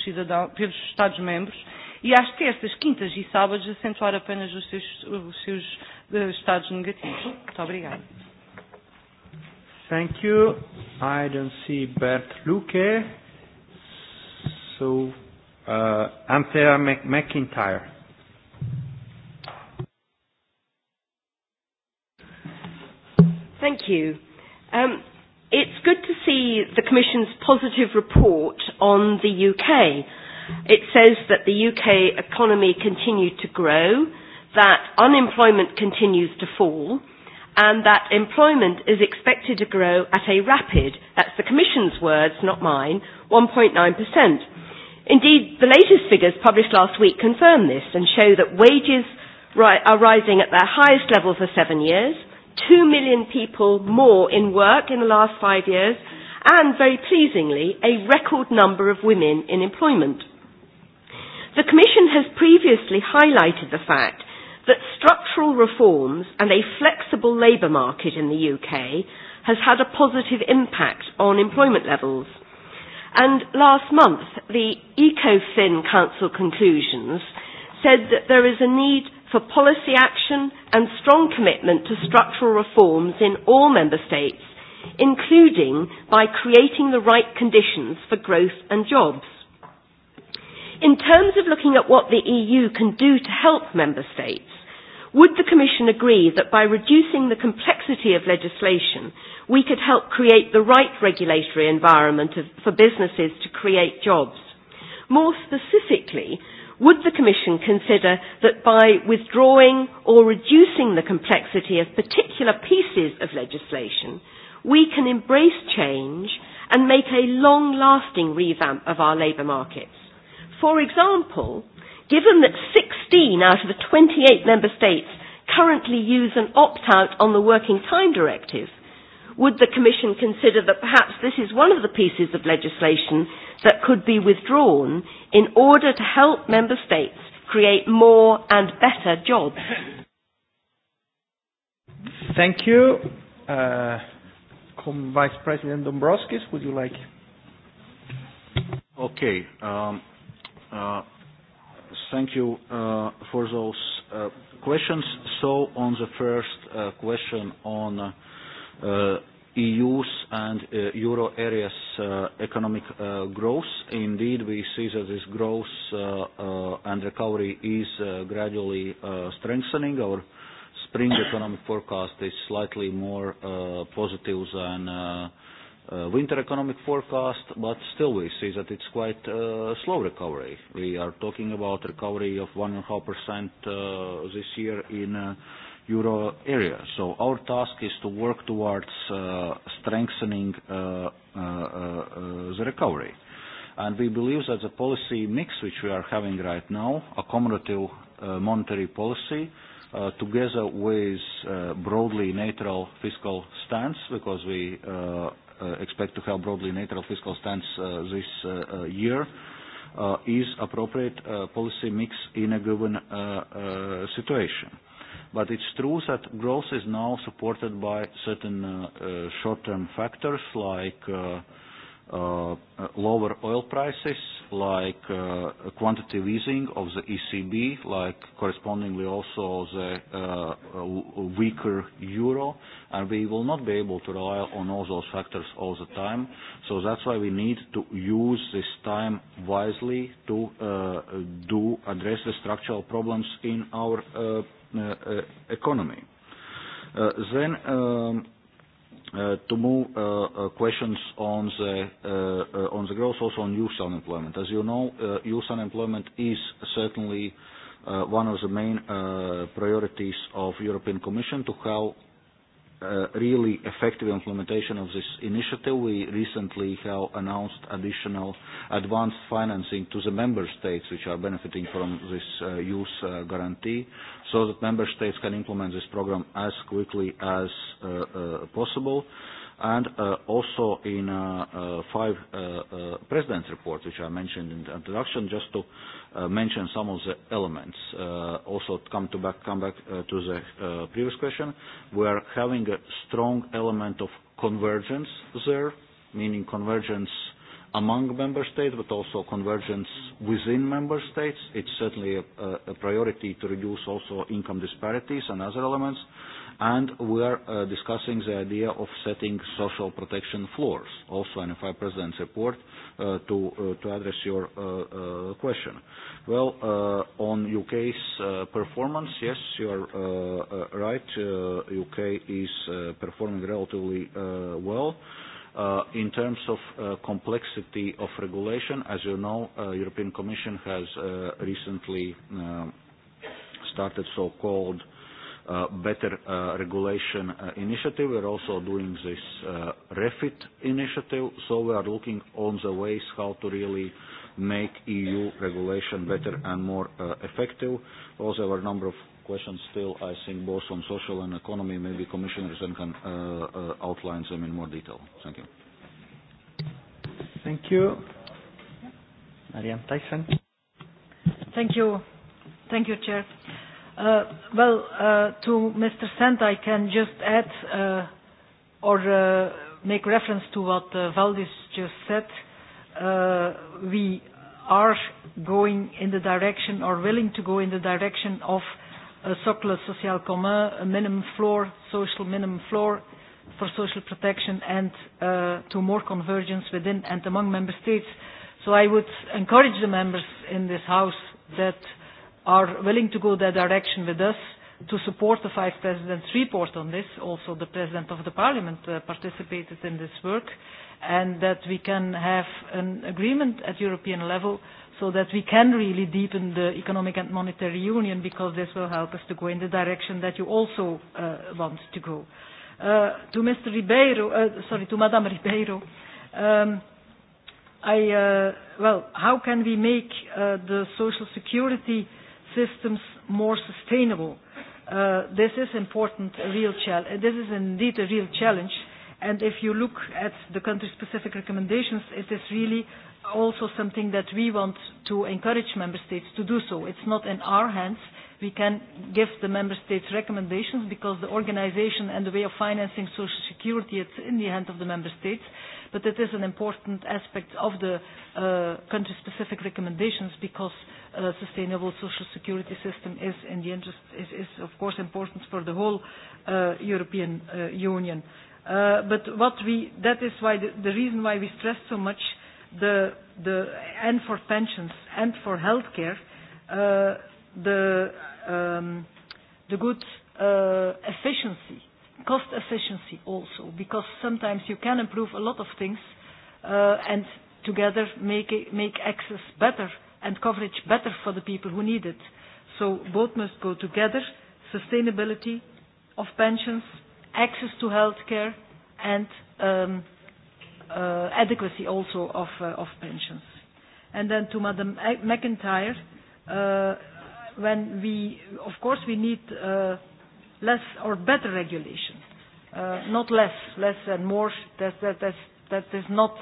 pelos Estados-membros e às terças, quintas e sábados acentuar apenas os seus, os seus uh, estados negativos. Muito obrigada. Thank you. I don't see Bert Luque. So, uh, Anthea McIntyre. Thank you. Um, it's good to see the Commission's positive report on the UK. It says that the UK economy continued to grow, that unemployment continues to fall, and that employment is expected to grow at a rapid, that's the Commission's words, not mine, 1.9%. Indeed, the latest figures published last week confirm this and show that wages are rising at their highest level for seven years, two million people more in work in the last five years, and very pleasingly, a record number of women in employment. The Commission has previously highlighted the fact that structural reforms and a flexible labour market in the UK has had a positive impact on employment levels. And last month, the ECOFIN Council conclusions said that there is a need for policy action and strong commitment to structural reforms in all member states, including by creating the right conditions for growth and jobs. In terms of looking at what the EU can do to help member states, would the Commission agree that by reducing the complexity of legislation, we could help create the right regulatory environment of, for businesses to create jobs? More specifically, Would the Commission consider that by withdrawing or reducing the complexity of particular pieces of legislation, we can embrace change and make a long-lasting revamp of our labour markets? For example, given that 16 out of the 28 member states currently use an opt-out on the working time directive, would the Commission consider that perhaps this is one of the pieces of legislation that could be withdrawn in order to help Member States create more and better jobs? Thank you. Uh, Vice President Dombrovskis, would you like? Okay. Um, uh, thank you uh, for those uh, questions. So on the first uh, question on uh, uh, EU's and uh, euro area's uh, economic uh, growth. Indeed, we see that this growth uh, and recovery is gradually strengthening. Our spring economic forecast is slightly more positive than winter economic forecast, but still we see that it's quite slow recovery. We are talking about recovery of 1.5% this year in euro area. So our task is to work towards uh, strengthening uh uh, uh, uh, the recovery. And we believe that the policy mix which we are having right now, accommodative uh, monetary policy, together with broadly neutral fiscal stance, because we expect to have broadly neutral fiscal stance this year, is appropriate policy mix in a given situation. But it's true that growth is now supported by certain uh, uh, short-term factors like uh, lower oil prices, like quantitative easing of the ECB, like correspondingly also the weaker euro, and we will not be able to rely on all those factors all the time. So that's why we need to use this time wisely to do address the structural problems in our Uh, uh, economy. Uh, then um, Uh, to move uh, uh, questions on the on the growth, also on youth unemployment. As you know, youth unemployment is certainly one of the main priorities of European Commission to have Uh, really effective implementation of this initiative, we recently have announced additional advanced financing to the member states which are benefiting from this youth uh, guarantee so that member states can implement this program as quickly as uh, uh, possible and uh, also in uh, uh, five uh, uh, presidents' reports, which I mentioned in the introduction, just to uh, mention some of the elements. Also, come to back, come back to the previous question, we are having a strong element of convergence there, meaning convergence among member states, but also convergence within member states. It's certainly a, a priority to reduce also income disparities and other elements and we are uh, discussing the idea of setting social protection floors, also in the President's report, uh, to, uh, to address your uh, uh question. Well, uh, on UK's uh, performance, yes, you are uh, uh, right. Uh, UK is uh, performing relatively uh, well. Uh, in terms of uh, complexity of regulation, as you know, uh, European Commission has uh, recently uh, started so-called Uh, better uh, regulation uh, initiative. We're also doing this uh, refit initiative, so we are looking on the ways how to really make EU regulation better and more effective. Also, there were a number of questions still, I think, both on social and economy. Maybe commissioners then can outline them in more detail. Thank you. Thank you. Marianne Tyson. Thank you. Thank you, Chair. Uh, well, uh, to Mr. Sand I can just add uh, or uh, make reference to what uh, Valdis just said. Uh, we are going in the direction or willing to go in the direction of a socle social commun, a minimum floor, social minimum floor for social protection and uh, to more convergence within and among member states. So I would encourage the members in this house that are willing to go that direction with us to support the Vice President's report on this. Also, the President of the Parliament uh, participated in this work and that we can have an agreement at European level so that we can really deepen the economic and monetary union because this will help us to go in the direction that you also uh, want to go. Uh, to Mr. Ribeiro, uh, sorry, to Madame Ribeiro, um, I, uh, well, how can we make uh, the social security systems more sustainable. Uh, this is important, a real challenge. Uh, this is indeed a real challenge. And if you look at the country-specific recommendations, it is really also something that we want to encourage member states to do so. It's not in our hands we can give the member states recommendations because the organization and the way of financing social security is in the hands of the member states but it is an important aspect of the uh, country specific recommendations because a uh, sustainable social security system is in the interest is, is of course important for the whole uh, European uh, Union uh, but what we that is why the, the reason why we stress so much the the and for pensions and for healthcare uh, the, um, the good uh, efficiency, cost efficiency also, because sometimes you can improve a lot of things uh, and together make, make access better and coverage better for the people who need it. So both must go together, sustainability of pensions, access to health care, and um, uh, adequacy also of, uh, of pensions. And then to Madam McIntyre, uh, when we, of course, we need uh, less or better regulation, uh, not less, less and more. That, that, that, that is not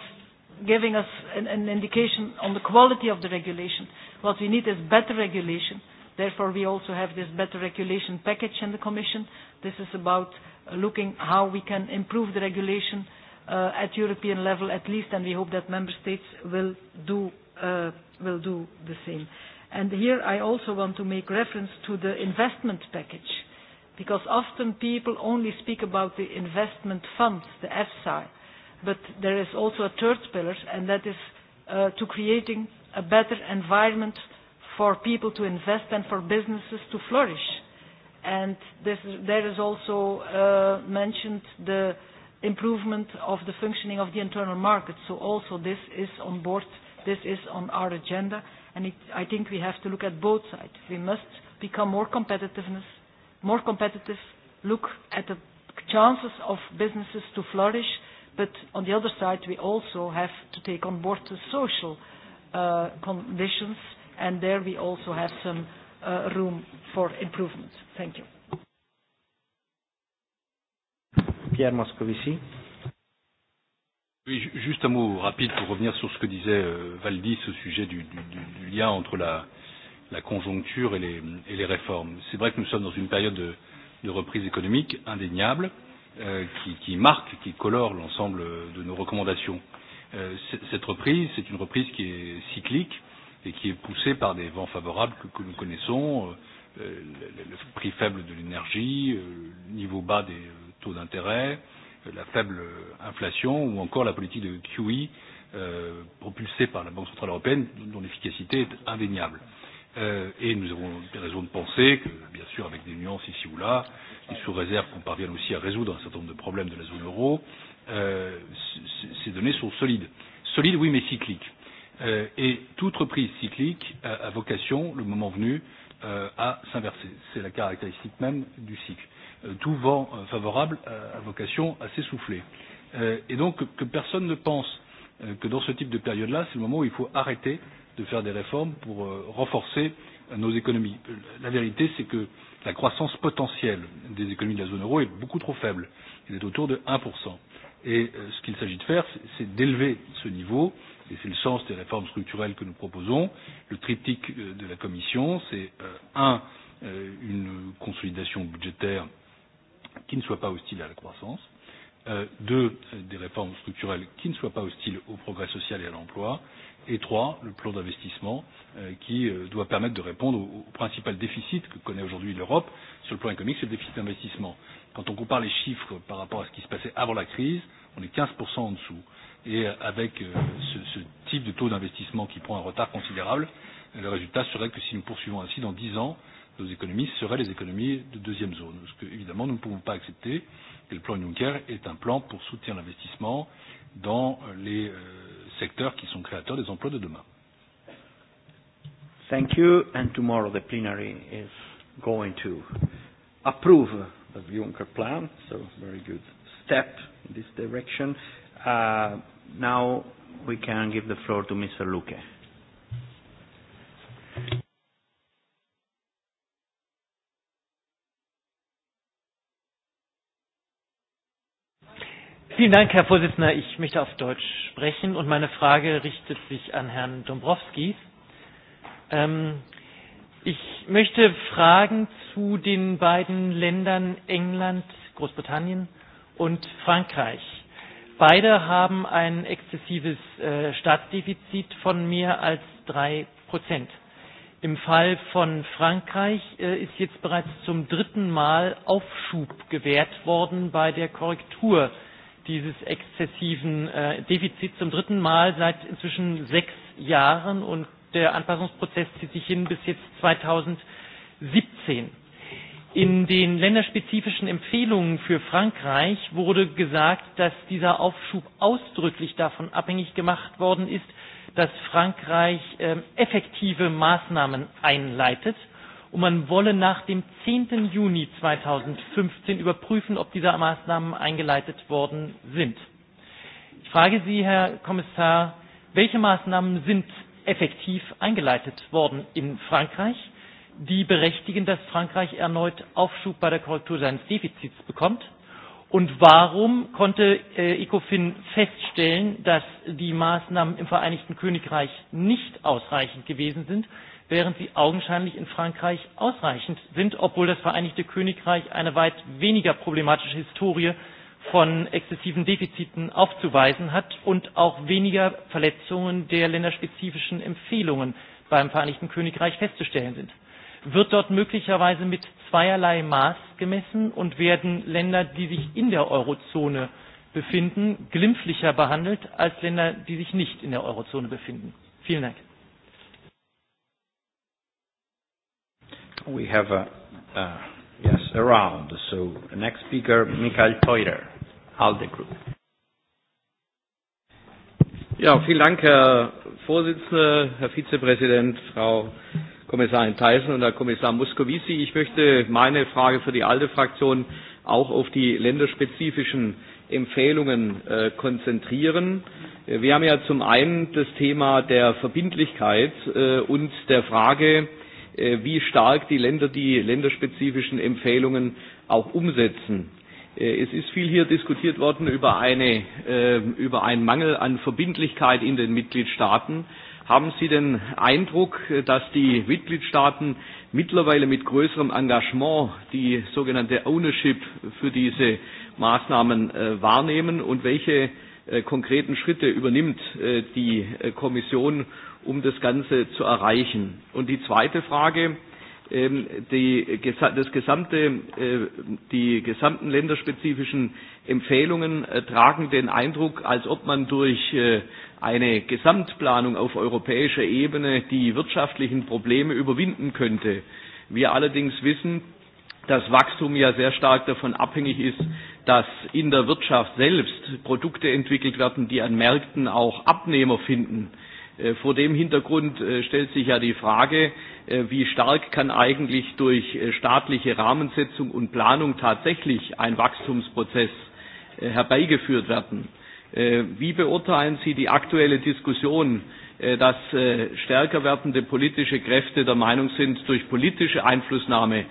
giving us an, an indication on the quality of the regulation. What we need is better regulation. Therefore, we also have this better regulation package in the Commission. This is about uh, looking how we can improve the regulation uh, at European level at least, and we hope that member states will do, uh, will do the same here I also want to make reference to the investment package, because often people only speak about the investment funds, the EFSI, but there is also a third pillar, and that is uh, to creating a better environment for people to invest and for businesses to flourish. And this, there is also uh, mentioned the improvement of the functioning of the internal market. So also this is on board, this is on our agenda and I think we have to look at both sides. We must become more competitiveness, more competitive, look at the chances of businesses to flourish, but on the other side, we also have to take on board the social uh, conditions, and there we also have some uh, room for improvement. Thank you. Pierre Moscovici. Oui, juste un mot rapide pour revenir sur ce que disait euh, Valdis au sujet du, du, du lien entre la, la conjoncture et les, et les réformes. C'est vrai que nous sommes dans une période de, de reprise économique indéniable euh, qui, qui marque, qui colore l'ensemble de nos recommandations. Euh, cette reprise, c'est une reprise qui est cyclique et qui est poussée par des vents favorables que, que nous connaissons, euh, le, le, prix faible de l'énergie, euh, le niveau bas des euh, taux d'intérêt, euh, la faible inflation ou encore la politique de QE euh, propulsée par la Banque centrale européenne dont l'efficacité est indéniable. Euh, et nous avons des raisons de penser que, bien sûr, avec des nuances ici ou là, et sous réserve qu'on parvienne aussi à résoudre un certain nombre de problèmes de la zone euro, euh, ces données sont solides. Solides, oui, mais cycliques. Euh, et toute reprise cyclique a, a vocation, le moment venu, euh, à s'inverser. C'est la caractéristique même du cycle tout vent favorable à vocation à s'essouffler. Euh, et donc que personne ne pense euh, que dans ce type de période là, c'est le moment où il faut arrêter de faire des réformes pour euh, renforcer nos économies. La vérité, c'est que la croissance potentielle des économies de la zone euro est beaucoup trop faible. Elle est autour de 1%. Et ce qu'il s'agit de faire, c'est d'élever ce niveau, et c'est le sens des réformes structurelles que nous proposons. Le triptyque de la Commission, c'est un, une consolidation budgétaire qui ne soient pas hostiles à la croissance, euh, deux, euh, des réformes structurelles qui ne soient pas hostiles au progrès social et à l'emploi, et trois, le plan d'investissement euh, qui euh, doit permettre de répondre au principal déficit que connaît aujourd'hui l'Europe sur le plan économique, c'est le déficit d'investissement. Quand on compare les chiffres par rapport à ce qui se passait avant la crise, on est 15% en dessous. Et avec ce, ce type de taux d'investissement qui prend un retard considérable, le résultat serait que si nous poursuivons ainsi dans 10 ans, nos économies seraient les économies de deuxième zone. Ce que, évidemment, nous ne pouvons pas accepter. Et le plan Juncker est un plan pour soutenir l'investissement dans euh, les euh, secteurs qui sont créateurs des emplois de demain. Thank you. And tomorrow the plenary is going to approve the Juncker plan. So very good step in this direction. Uh, now we can give the floor to Mr. Luque. Vielen Dank, Herr Vorsitzender. Ich möchte auf Deutsch sprechen und meine Frage richtet sich an Herrn Dombrowski. Ähm, ich möchte Fragen zu den beiden Ländern England, Großbritannien und Frankreich. Beide haben ein exzessives äh, Staatsdefizit von mehr als drei Prozent. Im Fall von Frankreich äh, ist jetzt bereits zum dritten Mal Aufschub gewährt worden bei der Korrektur dieses exzessiven äh, Defizits zum dritten Mal seit inzwischen sechs Jahren und der Anpassungsprozess zieht sich hin bis jetzt 2017. In den länderspezifischen Empfehlungen für Frankreich wurde gesagt, dass dieser Aufschub ausdrücklich davon abhängig gemacht worden ist, dass Frankreich äh, effektive Maßnahmen einleitet und man wolle nach dem 10. Juni 2015 überprüfen, ob diese Maßnahmen eingeleitet worden sind. Ich frage Sie, Herr Kommissar, welche Maßnahmen sind effektiv eingeleitet worden in Frankreich, die berechtigen, dass Frankreich erneut Aufschub bei der Korrektur seines Defizits bekommt? Und warum konnte äh, ECOFIN feststellen, dass die Maßnahmen im Vereinigten Königreich nicht ausreichend gewesen sind, während sie augenscheinlich in Frankreich ausreichend sind, obwohl das Vereinigte Königreich eine weit weniger problematische Historie von exzessiven Defiziten aufzuweisen hat und auch weniger Verletzungen der länderspezifischen Empfehlungen beim Vereinigten Königreich festzustellen sind. Wird dort möglicherweise mit zweierlei Maß gemessen und werden Länder, die sich in der Eurozone befinden, glimpflicher behandelt als Länder, die sich nicht in der Eurozone befinden? Vielen Dank. We have a, yes, a round. So next speaker, Michael Teurer, ALDE Group. Ja, vielen Dank, Herr Vorsitzender, Herr Vizepräsident, Frau Kommissarin Theissen und Herr Kommissar Muscovici. Ich möchte meine Frage für die ALDE-Fraktion auch auf die länderspezifischen Empfehlungen äh, konzentrieren. Wir haben ja zum einen das Thema der Verbindlichkeit äh, und der Frage, Äh, wie stark die Länder die länderspezifischen Empfehlungen auch umsetzen. Äh, es ist viel hier diskutiert worden über, eine, ähm, über einen Mangel an Verbindlichkeit in den Mitgliedstaaten. Haben Sie den Eindruck, äh, dass die Mitgliedstaaten mittlerweile mit größerem Engagement die sogenannte Ownership für diese Maßnahmen wahrnehmen und welche konkreten Schritte übernimmt die Kommission, um das Ganze zu erreichen. Und die zweite Frage, ähm, die, das gesamte, äh, die gesamten länderspezifischen Empfehlungen äh, tragen den Eindruck, als ob man durch äh, eine Gesamtplanung auf europäischer Ebene die wirtschaftlichen Probleme überwinden könnte. Wir allerdings wissen, dass Wachstum ja sehr stark davon abhängig ist, dass in der Wirtschaft selbst Produkte entwickelt werden, die an Märkten auch Abnehmer finden. Äh, vor dem Hintergrund äh, stellt sich ja die Frage, äh, wie stark kann eigentlich durch staatliche Rahmensetzung und Planung tatsächlich ein Wachstumsprozess herbeigeführt werden. Wie beurteilen Sie die aktuelle Diskussion, dass stärker werdende politische Kräfte der Meinung sind, durch politische Einflussnahme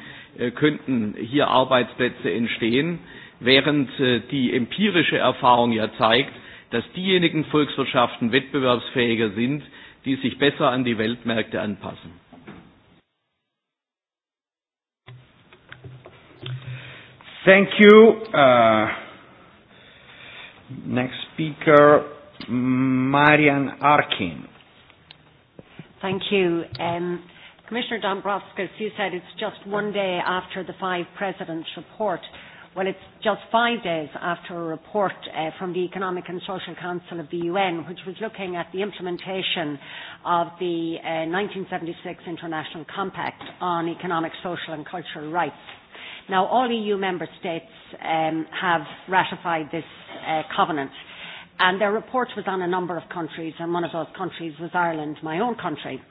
könnten hier Arbeitsplätze entstehen, während die empirische Erfahrung ja zeigt, dass diejenigen Volkswirtschaften wettbewerbsfähiger sind, die sich besser an die Weltmärkte anpassen. Thank you. Uh, next speaker, Marian Arkin. Thank you. Um, Commissioner Dombrovskis, you said it's just one day after the five presidents' report. Well, it's just five days after a report uh, from the Economic and Social Council of the UN, which was looking at the implementation of the uh, 1976 International Compact on Economic, Social and Cultural Rights. Now, all EU member states um, have ratified this uh, covenant. And their report was on a number of countries, and one of those countries was Ireland, my own country.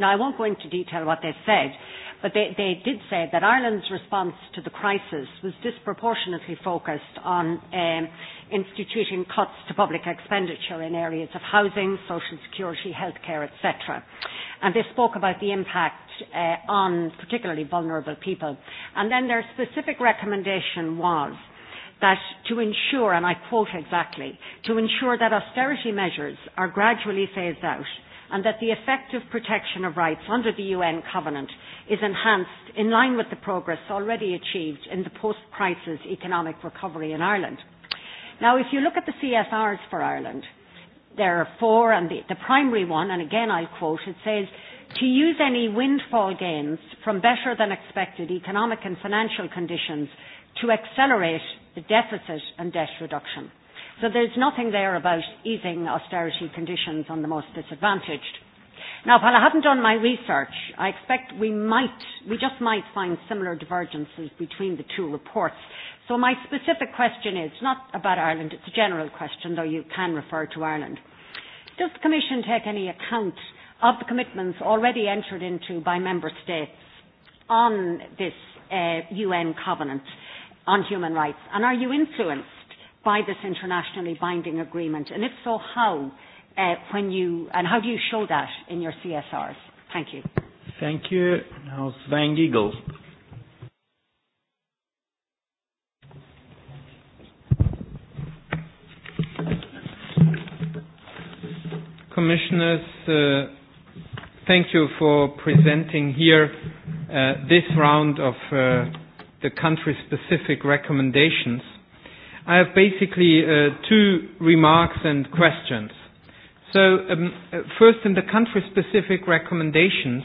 Now, I won't go into detail what they said, But they, they did say that Ireland's response to the crisis was disproportionately focused on um, instituting cuts to public expenditure in areas of housing, social security, healthcare, etc. And they spoke about the impact uh, on particularly vulnerable people. And then their specific recommendation was that to ensure, and I quote exactly, to ensure that austerity measures are gradually phased out and that the effective protection of rights under the UN Covenant is enhanced in line with the progress already achieved in the post-crisis economic recovery in Ireland. Now, if you look at the CSRs for Ireland, there are four, and the, the primary one, and again I'll quote, it says, to use any windfall gains from better than expected economic and financial conditions to accelerate the deficit and debt reduction. So there's nothing there about easing austerity conditions on the most disadvantaged. Now, while I haven't done my research, I expect we might, we just might find similar divergences between the two reports. So my specific question is not about Ireland, it's a general question, though you can refer to Ireland. Does the Commission take any account of the commitments already entered into by Member States on this UN uh, covenant on human rights? And are you influenced by this internationally binding agreement? And if so, how? Uh, when you and how do you show that in your CSRs? Thank you. Thank you. Now Sven Giegel. Commissioners, uh, thank you for presenting here uh, this round of uh, the country-specific recommendations. I have basically uh, two remarks and questions. So um, uh, first in the country specific recommendations,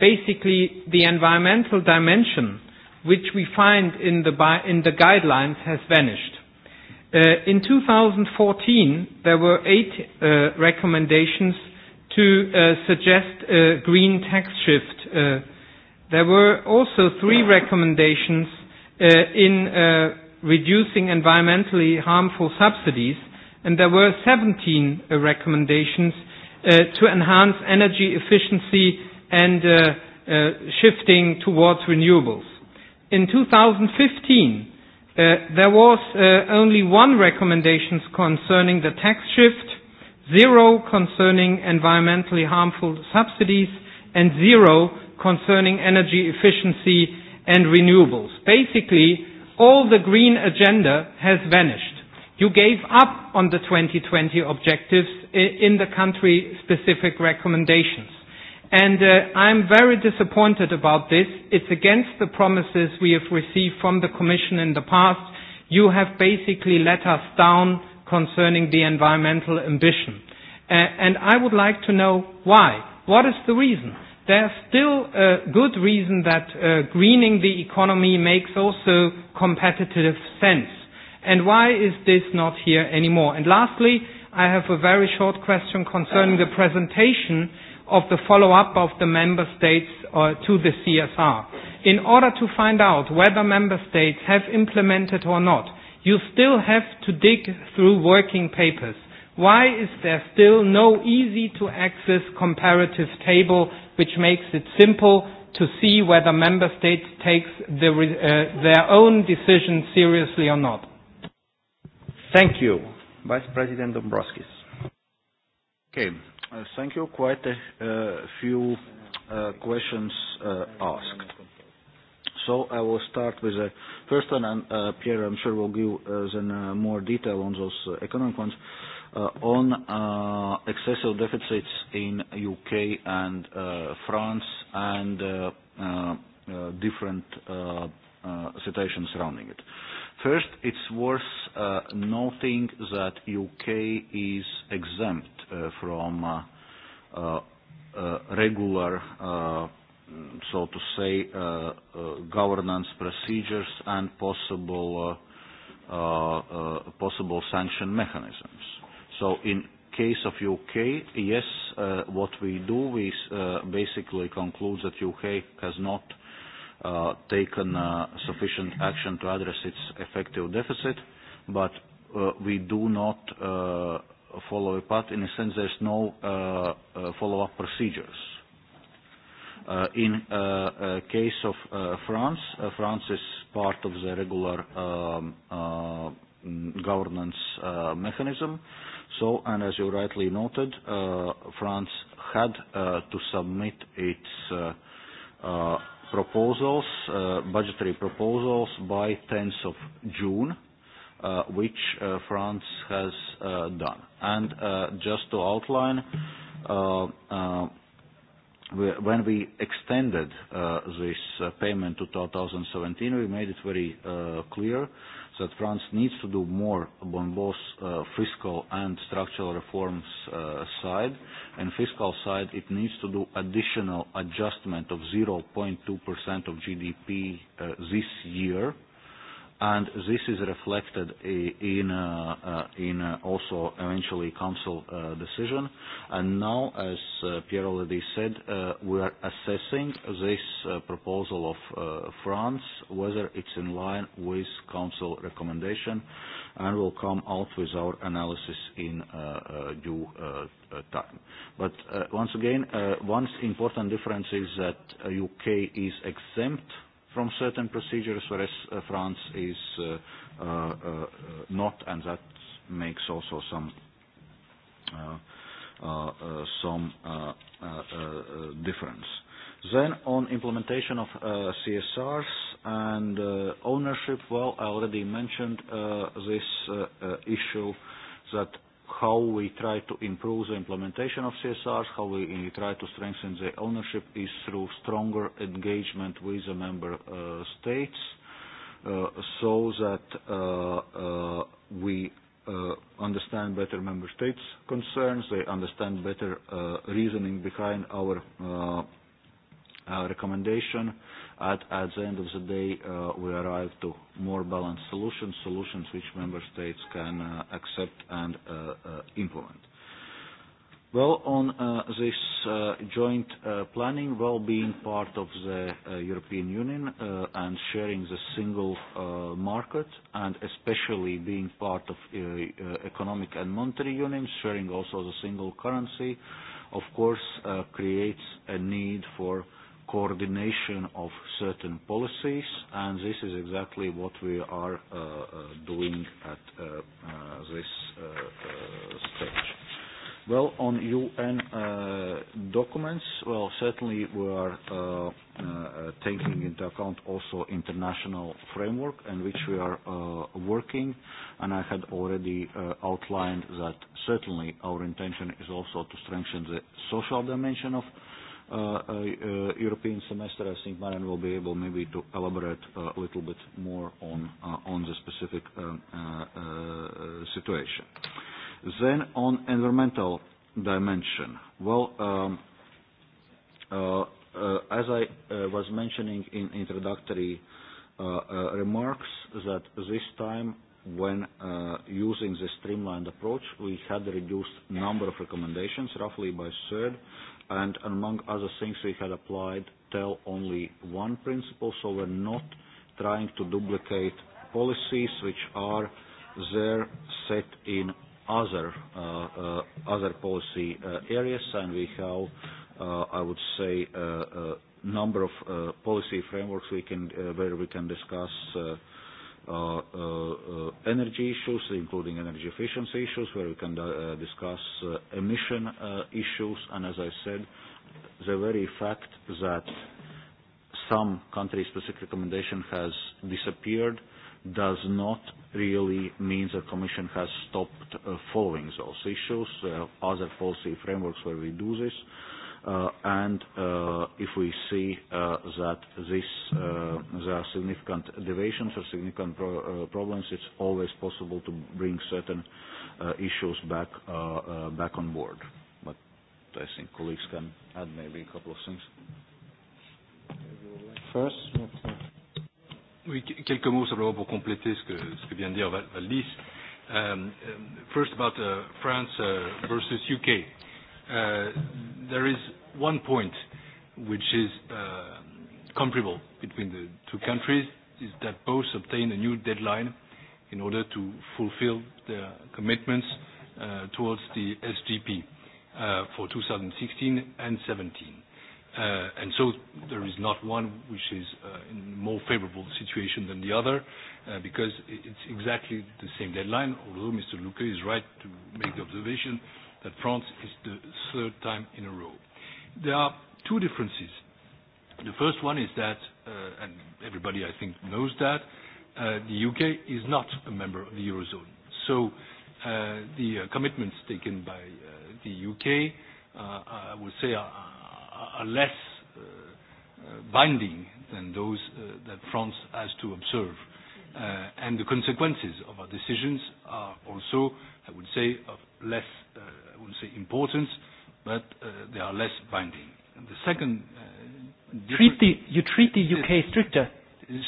basically the environmental dimension which we find in the in the guidelines has vanished. Uh, in 2014 there were eight uh, recommendations to uh, suggest a green tax shift. Uh, there were also three recommendations in reducing environmentally harmful subsidies, and there were 17 uh, recommendations uh, to enhance energy efficiency and uh, uh, shifting towards renewables. In 2015, uh, there was uh, only one recommendation concerning the tax shift, zero concerning environmentally harmful subsidies, and zero concerning energy efficiency and renewables. Basically, all the green agenda has vanished. You gave up on the 2020 objectives in the country specific recommendations. And uh, I'm very disappointed about this. It's against the promises we have received from the Commission in the past. You have basically let us down concerning the environmental ambition. Uh, and I would like to know why. What is the reason? there's still a good reason that uh, greening the economy makes also competitive sense. And why is this not here anymore? And lastly, I have a very short question concerning the presentation of the follow-up of the member states uh, to the CSR. In order to find out whether member states have implemented or not, you still have to dig through working papers. Why is there still no easy to access comparative table which makes it simple to see whether member states take the, uh, their own decisions seriously or not. Thank you, Vice President Dombrovskis. Okay, uh, thank you. Quite a uh, few uh, questions uh, asked. So I will start with the first one, and uh, Pierre, I'm sure, will give uh, then uh, more detail on those uh, economic ones. Uh, Uh, on uh, excessive deficits in UK and uh, France and different situations surrounding it. First, it's worth noting that UK is exempt from regular, so to say, governance procedures and possible possible sanction mechanisms in case of UK, yes, uh, what we do is uh, basically conclude that UK has not uh, taken sufficient action to address its effective deficit, but we do not follow a path. In a sense, there's no follow-up procedures. in case of France, France is part of the regular um, mm, governance mechanism. So, and as you rightly noted, uh, France had uh, to submit its uh, proposals, budgetary proposals by 10th of June, which France has done. And just to outline, when we extended this payment to 2017, we made it very uh, clear that France needs to do more on both uh, fiscal and structural reforms uh, side. And fiscal side, it needs to do additional adjustment of 0.2% of GDP uh, this year and this is reflected in uh, uh in uh, also eventually council uh, decision and now as uh, Pierre already said uh, we are assessing this uh, proposal of uh, France whether it's in line with council recommendation and will come out with our analysis in uh, uh, due uh, uh time. But uh, once again, uh, one important difference is that UK is exempt from certain procedures, whereas uh, France is uh, uh, not, and that makes also some some difference. Then on implementation of CSRs and ownership, well, I already mentioned this issue that how we try to improve the implementation of CSRs, how we try to strengthen the ownership is through stronger engagement with the member uh, states uh, so that uh, uh we uh, understand better member states' concerns, they understand better uh, reasoning behind our recommendation at, at the end of the day, uh, we arrive to more balanced solutions, solutions which member states can uh, accept and uh, implement. Well, on this joint planning, well, being part of the European Union and sharing the single market, and especially being part of uh, economic and monetary union, sharing also the single currency, of course, creates a need for coordination of certain policies, and this is exactly what we are uh, uh, doing at uh, this stage. Well, on UN documents, well, certainly we are taking into account also international framework in which we are working, and I had already outlined that certainly our intention is also to strengthen the social dimension of Uh, uh, European semester, I think Marian will be able maybe to elaborate uh, a little bit more on, on the specific um, situation. Then on environmental dimension, well, um, uh, uh, as I uh, was mentioning in introductory uh, uh, remarks, that this time when uh, using the streamlined approach, we had reduced number of recommendations, roughly by third, and among other things we had applied tell only one principle, so we're not trying to duplicate policies which are there set in other uh, uh, other policy uh, areas and we have uh, I would say a uh, uh, number of uh, policy frameworks we can uh, where we can discuss uh, Uh, uh, energy issues, including energy efficiency issues, where we can uh, discuss uh, emission uh, issues. And as I said, the very fact that some country-specific recommendation has disappeared does not really mean the Commission has stopped following those issues. There are other policy frameworks where we do this. Uh, and uh, if we see uh, that this, uh, there are significant deviations or significant pro uh, problems, it's always possible to bring certain uh, issues back uh back on board. But I think colleagues can add maybe a couple of things. First, Oui, quelques mots pour compléter ce ce que dire Valdis. Um, first about France versus UK. Euh, there is one point which is uh, comparable between the two countries is that both obtain a new deadline in order to fulfill their commitments uh, towards the SGP uh, for 2016 and 17. Uh, and so there is not one which is uh, in a more favorable situation than the other uh, because it's exactly the same deadline, although Mr. Luque is right to make the observation that France is the third time in a row. There are two differences. The first one is that, uh, and everybody I think knows that, uh, the UK is not a member of the Eurozone. So uh, the commitments taken by the UK, I would say, are, less binding than those that France has to observe Uh, and the consequences of our decisions are also, I would say, of less, uh, I say, importance, but uh, they are less binding. the second, uh, you treat the UK stricter.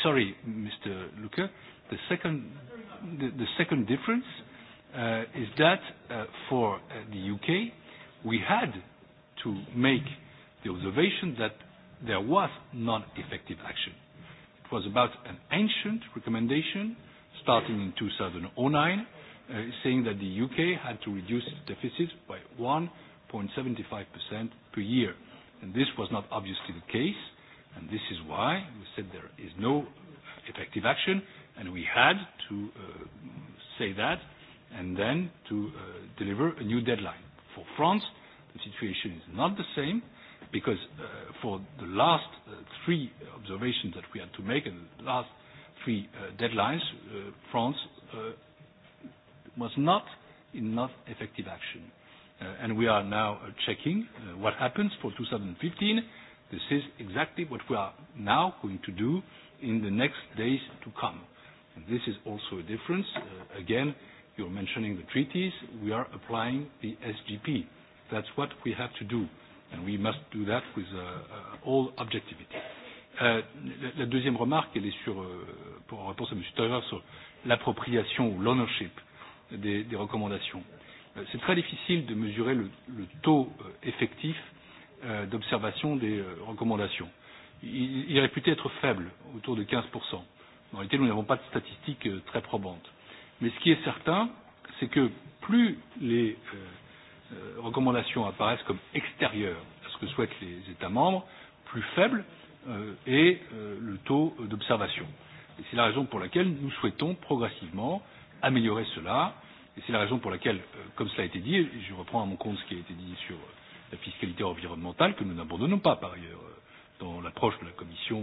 Sorry, Mr. Luca. The second, the, second difference is that for the UK, we had to make the observation that there was non-effective action was about an ancient recommendation starting in 2009 uh, saying that the UK had to reduce its deficit by 1.75% per year. And this was not obviously the case, and this is why we said there is no effective action, and we had to uh, say that and then to uh, deliver a new deadline. For France, the situation is not the same because uh, for the last uh, three observations that we had to make and the last three uh, deadlines, France was not in enough effective action. and we are now checking what happens for 2015. This is exactly what we are now going to do in the next days to come. And this is also a difference. Uh, again, you're mentioning the treaties. We are applying the SGP. That's what we have to do. And we must do that with uh, uh, all objectivity. Euh, la deuxième remarque, elle est sur, euh, pour répondre à sur l'appropriation ou l'ownership des, des recommandations. Euh, c'est très difficile de mesurer le, le taux effectif d'observation des recommandations. Il, il est réputé être faible, autour de 15%. En réalité, nous n'avons pas de statistiques très probantes. Mais ce qui est certain, c'est que plus les Euh, recommandations apparaissent comme extérieures à ce que souhaitent les États membres, plus faibles est euh, euh, le taux d'observation. Et c'est la raison pour laquelle nous souhaitons progressivement améliorer cela. Et c'est la raison pour laquelle, comme cela a été dit, et je reprends à mon compte ce qui a été dit sur la fiscalité environnementale, que nous n'abandonnons pas par ailleurs dans l'approche de la Commission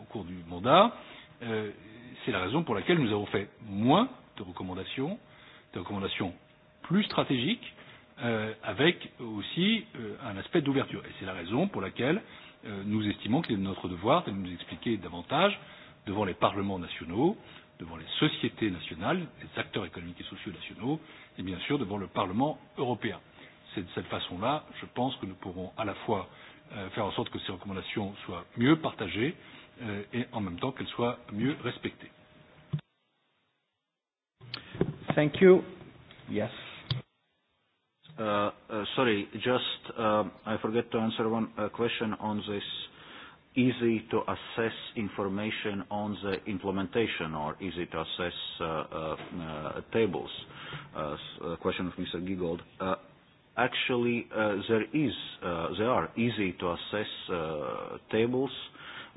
au cours du mandat. C'est la raison pour laquelle nous avons fait moins de recommandations, de recommandations plus stratégiques, Euh, avec aussi euh, un aspect d'ouverture. Et c'est la raison pour laquelle euh, nous estimons qu'il est notre devoir de nous expliquer davantage devant les parlements nationaux, devant les sociétés nationales, les acteurs économiques et sociaux nationaux, et bien sûr devant le Parlement européen. C'est de cette façon-là, je pense que nous pourrons à la fois faire en sorte que ces recommandations soient mieux partagées et en même temps qu'elles soient mieux respectées. Thank you. Yes. Uh, uh, sorry, just uh, I forget to answer one uh, question on this easy to assess information on the implementation or easy to assess tables. Question of Mr. Giegold. Actually, there is there are easy to assess tables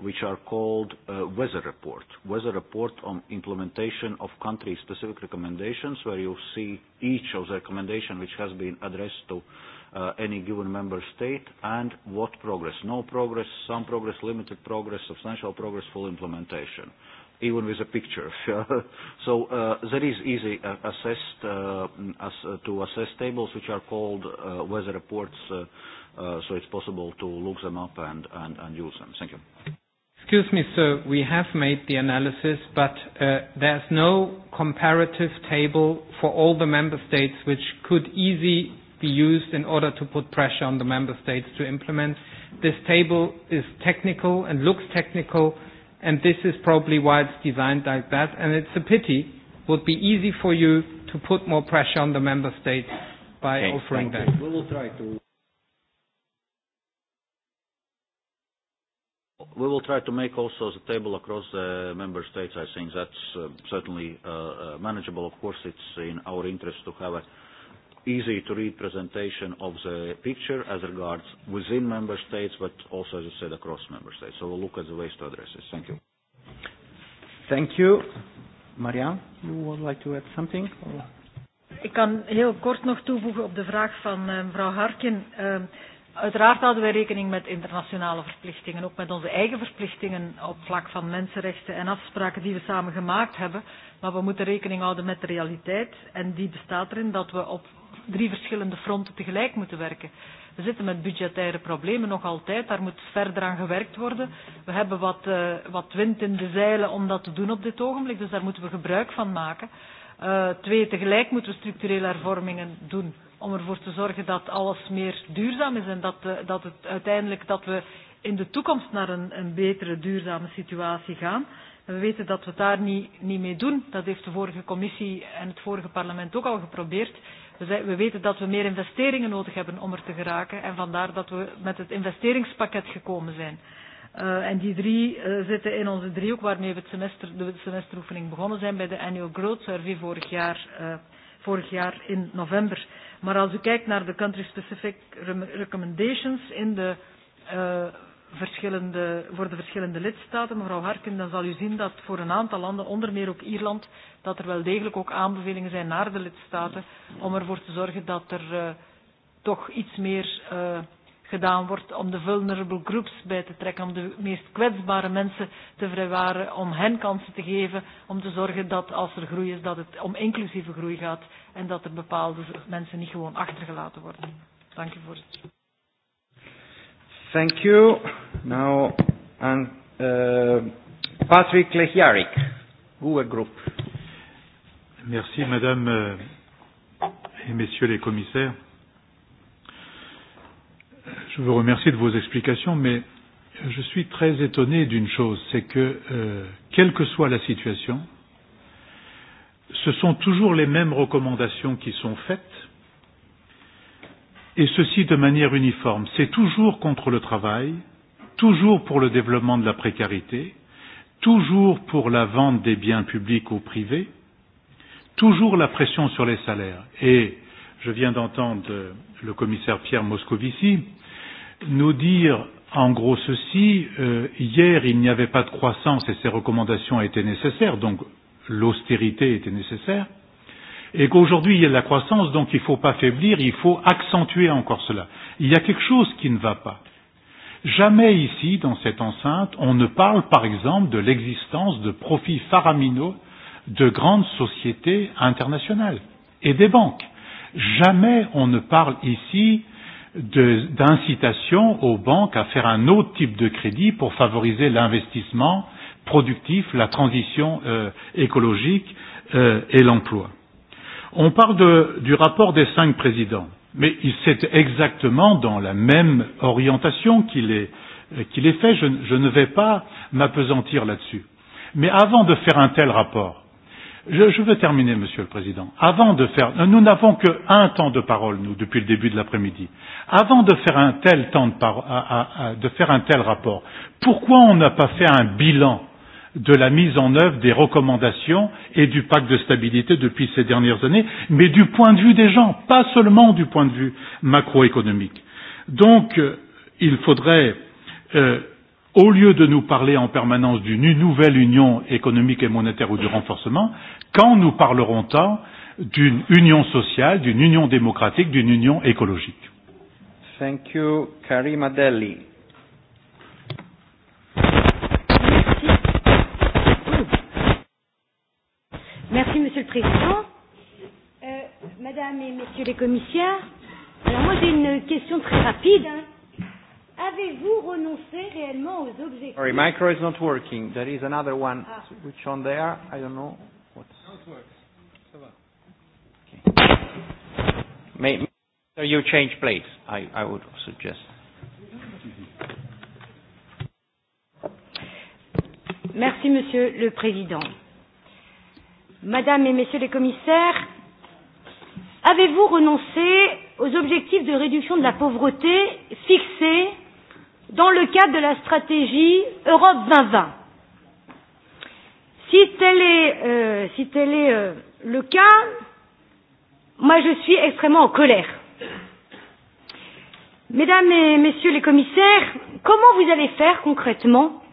which are called uh, weather report, weather report on implementation of country-specific recommendations, where you see each of the recommendation which has been addressed to uh, any given member state and what progress, no progress, some progress, limited progress, substantial progress, full implementation, even with a picture. so uh, that is easy uh, assessed, uh, as, uh, to assess tables which are called uh, weather reports, uh, uh, so it's possible to look them up and, and, and use them. Thank you. Excuse me, sir, we have made the analysis, but uh, there's no comparative table for all the member states which could easily be used in order to put pressure on the member states to implement. This table is technical and looks technical, and this is probably why it's designed like that, and it's a pity. It would be easy for you to put more pressure on the member states by offering that. We will try to we will try to make also the table across the member states. I think that's uh, certainly uh, uh, manageable. Of course, it's in our interest to have a easy to read presentation of the picture as regards within member states, but also, as I said, across member states. So we'll look at the ways to address this. Thank you. Thank you. Marianne, you would like to add something? Or? Ik kan heel kort nog toevoegen op de vraag van mevrouw Harkin. Uiteraard houden wij rekening met internationale verplichtingen, ook met onze eigen verplichtingen op vlak van mensenrechten en afspraken die we samen gemaakt hebben. Maar we moeten rekening houden met de realiteit en die bestaat erin dat we op drie verschillende fronten tegelijk moeten werken. We zitten met budgettaire problemen nog altijd, daar moet verder aan gewerkt worden. We hebben wat, uh, wat wind in de zeilen om dat te doen op dit ogenblik, dus daar moeten we gebruik van maken. Uh, twee, tegelijk moeten we structurele hervormingen doen om ervoor te zorgen dat alles meer duurzaam is en dat, eh, dat het uiteindelijk dat we in de toekomst naar een, een betere duurzame situatie gaan. En we weten dat we daar niet, niet mee doen. Dat heeft de vorige commissie en het vorige parlement ook al geprobeerd. We, weten dat we meer investeringen nodig hebben om er te geraken. En vandaar dat we met het investeringspakket gekomen zijn. Uh, en die drie eh, zitten in onze driehoek waarmee we het semester, de semesteroefening begonnen zijn bij de Annual Growth Survey vorig jaar, uh, vorig jaar in november. Maar als u kijkt naar de country-specific recommendations in de, uh, verschillende, voor de verschillende lidstaten, mevrouw Harkin, dan zal u zien dat voor een aantal landen, onder meer ook Ierland, dat er wel degelijk ook aanbevelingen zijn naar de lidstaten om ervoor te zorgen dat er uh, toch iets meer... Uh, gedaan wordt om de vulnerable groups bij te trekken, om de meest kwetsbare mensen te vrijwaren, om hen kansen te geven, om te zorgen dat als er groei is, dat het om inclusieve groei gaat en dat er bepaalde mensen niet gewoon achtergelaten worden. Dank u het. Thank you. Now, uh, Patrick Lechjarik, a Group. Merci, madame euh, et messieurs les commissaires je vous remercie de vos explications, mais je suis très étonné d'une chose, c'est que, euh, quelle que soit la situation, ce sont toujours les mêmes recommandations qui sont faites, et ceci de manière uniforme. C'est toujours contre le travail, toujours pour le développement de la précarité, toujours pour la vente des biens publics ou privés, toujours la pression sur les salaires. Et je viens d'entendre le commissaire Pierre Moscovici nous dire en gros ceci, euh, hier il n'y avait pas de croissance et ces recommandations étaient nécessaires, donc l'austérité était nécessaire, et qu'aujourd'hui il y a de la croissance, donc il ne faut pas faiblir, il faut accentuer encore cela. Il y a quelque chose qui ne va pas. Jamais ici, dans cette enceinte, on ne parle par exemple de l'existence de profits faraminaux de grandes sociétés internationales et des banques. Jamais on ne parle ici d'incitation aux banques à faire un autre type de crédit pour favoriser l'investissement productif, la transition euh, écologique euh, et l'emploi. On parle de, du rapport des cinq présidents, mais c'est exactement dans la même orientation qu'il est, euh, qu'il est fait. Je, je ne vais pas m'apesantir là-dessus. Mais avant de faire un tel rapport, je, je veux terminer, Monsieur le Président. Avant de faire, nous n'avons un temps de parole, nous, depuis le début de l'après-midi. Avant de faire un tel temps de, par, à, de faire un tel rapport, pourquoi on n'a pas fait un bilan de la mise en œuvre des recommandations et du pacte de stabilité depuis ces dernières années, mais du point de vue des gens, pas seulement du point de vue macroéconomique. Donc, euh, il faudrait euh, au lieu de nous parler en permanence d'une nouvelle union économique et monétaire ou du renforcement, quand nous parlerons-ils d'une union sociale, d'une union démocratique, d'une union écologique Thank you, Karim Adeli. Merci. Merci, Monsieur le Président. Euh, Madame et Messieurs les commissaires, alors moi j'ai une question très rapide. Hein Avez-vous renoncé réellement aux objectifs Sorry, micro is not working. There is another one ah. which on there, I don't know what. Okay. May, you change place, I, I would suggest. Merci, Monsieur le Président. Madame et Messieurs les commissaires, avez-vous renoncé aux objectifs de réduction de la pauvreté fixés dans le cadre de la stratégie Europe 2020. Si tel est, euh, si tel est euh, le cas, moi je suis extrêmement en colère. Mesdames et messieurs les commissaires, comment vous allez faire concrètement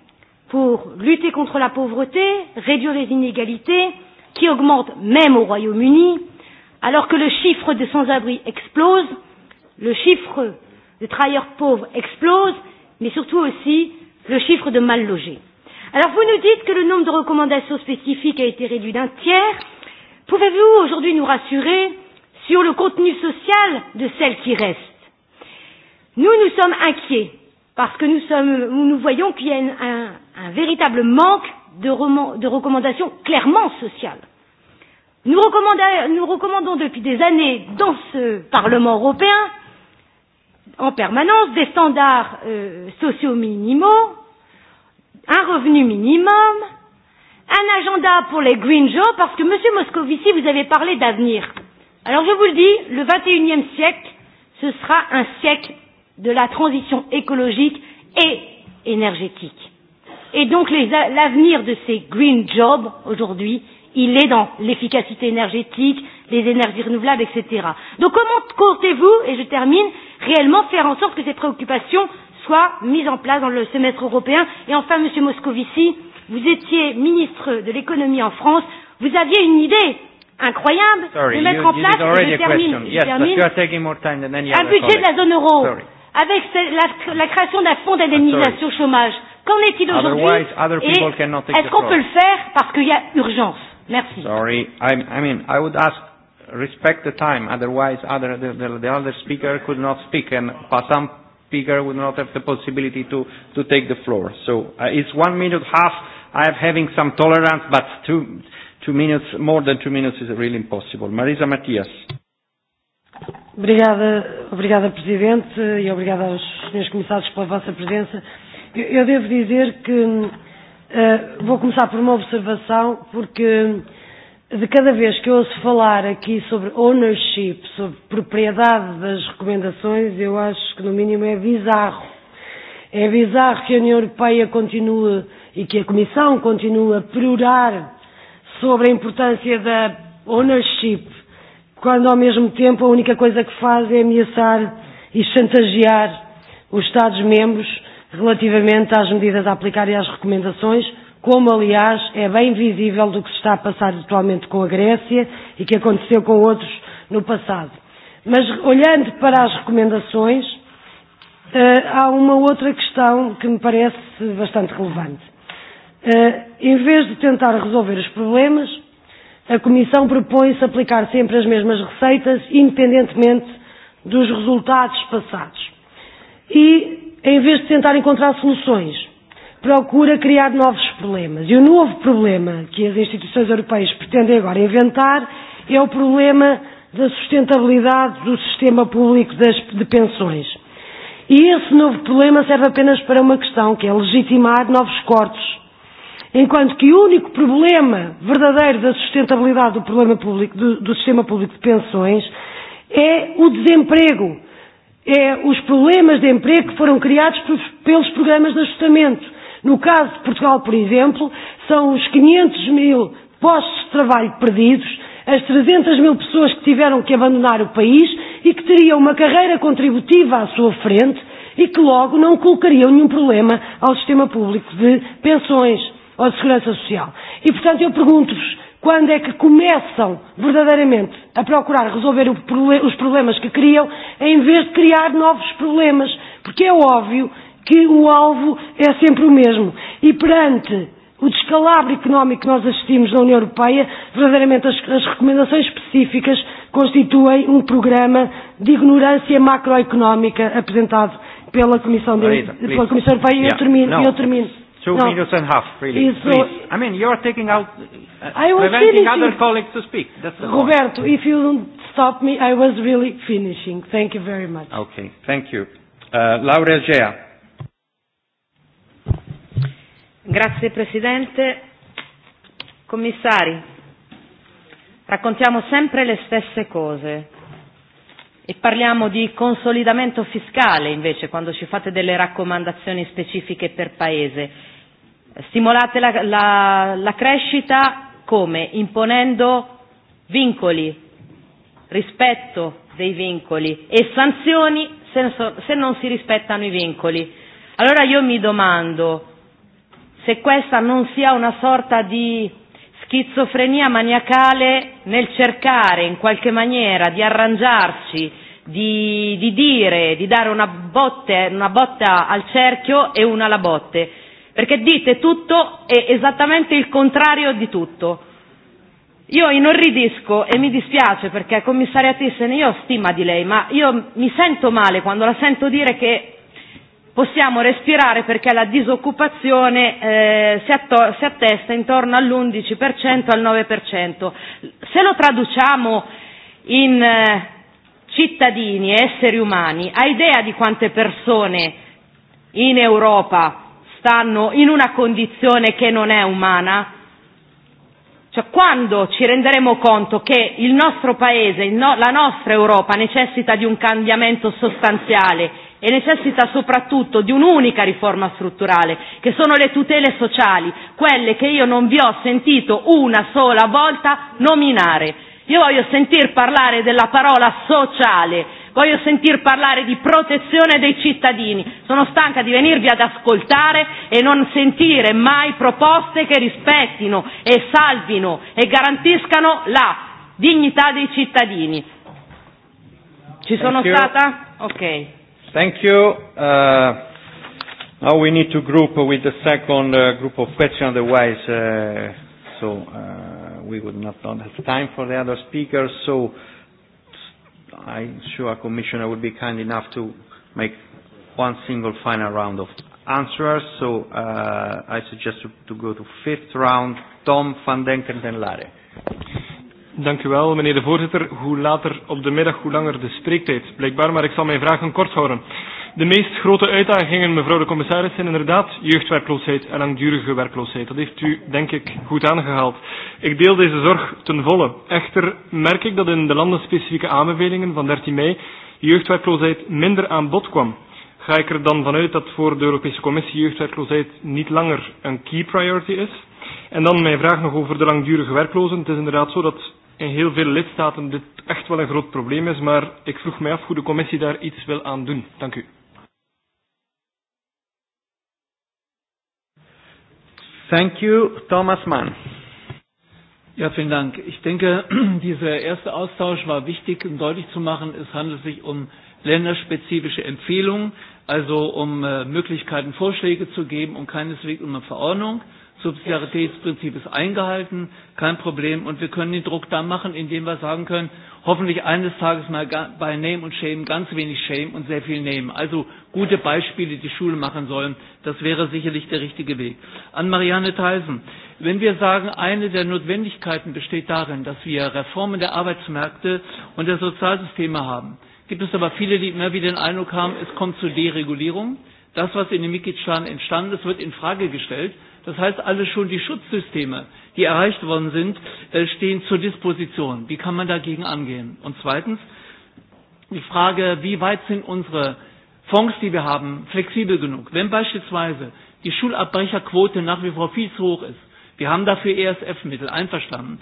pour lutter contre la pauvreté, réduire les inégalités qui augmentent même au Royaume-Uni, alors que le chiffre de sans-abri explose, le chiffre de travailleurs pauvres explose mais surtout aussi le chiffre de mal logés. Alors vous nous dites que le nombre de recommandations spécifiques a été réduit d'un tiers. Pouvez-vous aujourd'hui nous rassurer sur le contenu social de celles qui restent Nous, nous sommes inquiets parce que nous, sommes, nous voyons qu'il y a un, un véritable manque de, roman, de recommandations clairement sociales. Nous, nous recommandons depuis des années dans ce Parlement européen en permanence des standards euh, sociaux minimaux, un revenu minimum, un agenda pour les Green Jobs, parce que Monsieur Moscovici, vous avez parlé d'avenir. Alors je vous le dis, le 21e siècle, ce sera un siècle de la transition écologique et énergétique. Et donc l'avenir de ces Green Jobs aujourd'hui il est dans l'efficacité énergétique, les énergies renouvelables, etc. Donc comment comptez-vous, et je termine, réellement faire en sorte que ces préoccupations soient mises en place dans le semestre européen Et enfin, Monsieur Moscovici, vous étiez ministre de l'économie en France, vous aviez une idée incroyable Sorry, de mettre you, en place, je termine, je yes, termine un budget de la zone euro. Sorry avec la, la création d'un fonds d'indemnisation chômage. Qu'en est-il aujourd'hui est-ce qu'on peut le faire parce qu'il y a urgence Merci. Sorry, I, I mean, I would ask respect the time, otherwise other, the, the, the other speaker could not speak and pa, some speaker would not have the possibility to, to take the floor. So uh, it's one minute half. I am having some tolerance, but two, two minutes, more than two minutes is really impossible. Marisa Matias. Obrigada, obrigada Presidente e obrigada aos senhores comissários pela vossa presença. Eu, eu devo dizer que Eh, vou começar por uma observação, porque de cada vez que eu ouço falar aqui sobre ownership, sobre propriedade das recomendações, eu acho que no mínimo é bizarro. É bizarro que a União Europeia continue e que a Comissão continue a perorar sobre a importância da ownership, quando ao mesmo tempo a única coisa que faz é ameaçar e chantagear os Estados-membros relativamente às medidas a aplicar e às recomendações, como aliás é bem visível do que se está a passar atualmente com a Grécia e que aconteceu com outros no passado. Mas olhando para as recomendações, eh, há uma outra questão que me parece bastante relevante. Eh, em vez de tentar resolver os problemas, a Comissão propõe-se aplicar sempre as mesmas receitas, independentemente dos resultados passados. E em vez de tentar encontrar soluções, procura criar novos problemas. E o novo problema que as instituições europeias pretendem agora inventar é o problema da sustentabilidade do sistema público das, de pensões. E esse novo problema serve apenas para uma questão, que é legitimar novos cortes. Enquanto que o único problema verdadeiro da sustentabilidade do, problema público, do, do sistema público de pensões é o desemprego é os problemas de emprego que foram criados pelos programas de ajustamento. No caso de Portugal, por exemplo, são os 500 mil postos de trabalho perdidos, as 300 mil pessoas que tiveram que abandonar o país e que teriam uma carreira contributiva à sua frente e que logo não colocariam nenhum problema ao sistema público de pensões ou de segurança social. E, portanto, eu pergunto-vos, quando é que começam verdadeiramente a procurar resolver os problemas que criam, em vez de criar novos problemas. Porque é óbvio que o alvo é sempre o mesmo. E perante o descalabro económico que nós assistimos na União Europeia, verdadeiramente as, as recomendações específicas constituem um programa de ignorância macroeconómica apresentado pela Comissão, de, pela Comissão Europeia. E eu termino. E eu termino Two no. minutes and a half, really. Please. So I mean, you're taking out, uh, I was preventing finishing. other colleagues to speak. That's the Roberto, point. if you don't stop me, I was really finishing. Thank you very much. Okay, thank you. Uh, Laura Gea. Grazie Presidente. Commissari, raccontiamo sempre le stesse cose e parliamo di consolidamento fiscale invece quando ci fate delle raccomandazioni specifiche per Paese Stimolate la, la, la crescita come? Imponendo vincoli, rispetto dei vincoli e sanzioni se, se non si rispettano i vincoli. Allora io mi domando se questa non sia una sorta di schizofrenia maniacale nel cercare in qualche maniera di arrangiarci, di, di dire, di dare una, una botta al cerchio e una alla botte perché dite tutto è e esattamente il contrario di tutto. Io inorridisco e mi dispiace perché commissaria Thyssen io ho stima di lei, ma io mi sento male quando la sento dire che possiamo respirare perché la disoccupazione eh, si, atto si attesta intorno all'11% al 9%. Se lo traduciamo in eh, cittadini, e esseri umani, ha idea di quante persone in Europa stanno in una condizione che non è umana? Cioè, quando ci renderemo conto che il nostro paese, la nostra Europa necessita di un cambiamento sostanziale e necessita soprattutto di un'unica riforma strutturale, che sono le tutele sociali, quelle che io non vi ho sentito una sola volta nominare. Io voglio sentir parlare della parola sociale voglio sentir parlare di protezione dei cittadini, sono stanca di venirvi ad ascoltare e non sentire mai proposte che rispettino e salvino e garantiscano la dignità dei cittadini. Ci sono Thank stata? You. Ok. Thank you. Uh... Now we need to group with the second uh, group of questions, otherwise, uh, so uh, we would not have time for the other speakers. So I'm sure Commissioner would be kind enough to make one single final round of answers. So uh, I suggest to, to go to fifth round. Tom van Denken den Lare. Dank u wel, meneer de voorzitter. Hoe later op de middag, hoe langer de spreektijd. Blijkbaar, maar ik zal mijn vragen kort houden. De meest grote uitdagingen, mevrouw de commissaris, zijn inderdaad jeugdwerkloosheid en langdurige werkloosheid. Dat heeft u, denk ik, goed aangehaald. Ik deel deze zorg ten volle. Echter merk ik dat in de landenspecifieke aanbevelingen van 13 mei jeugdwerkloosheid minder aan bod kwam. Ga ik er dan vanuit dat voor de Europese Commissie jeugdwerkloosheid niet langer een key priority is? En dan mijn vraag nog over de langdurige werklozen. Het is inderdaad zo dat in heel veel lidstaten dit echt wel een groot probleem is, maar ik vroeg mij af hoe de commissie daar iets wil aan doen. Dank u. Thank you, Thomas Mann. Ja, vielen Dank. Ich denke, dieser erste Austausch war wichtig, um deutlich zu machen, es handelt sich um länderspezifische Empfehlungen, also um äh, Möglichkeiten, Vorschläge zu geben und keineswegs um eine Verordnung. Subsidiaritätsprinzip ist eingehalten, kein Problem. Und wir können den Druck dann machen, indem wir sagen können, hoffentlich eines Tages mal bei Name und Shame ganz wenig Shame und sehr viel Name. Also gute Beispiele, die Schule machen sollen. Das wäre sicherlich der richtige Weg. An Marianne Theisen. Wenn wir sagen, eine der Notwendigkeiten besteht darin, dass wir Reformen der Arbeitsmärkte und der Sozialsysteme haben, gibt es aber viele, die immer wieder den Eindruck haben, es kommt zur Deregulierung das, was in den Mitgliedstaaten entstanden ist, wird in Frage gestellt. Das heißt, alle schon die Schutzsysteme, die erreicht worden sind, äh, stehen zur Disposition. Wie kann man dagegen angehen? Und zweitens, die Frage, wie weit sind unsere Fonds, die wir haben, flexibel genug? Wenn beispielsweise die Schulabbrecherquote nach wie vor viel zu hoch ist, wir haben dafür ESF-Mittel, einverstanden,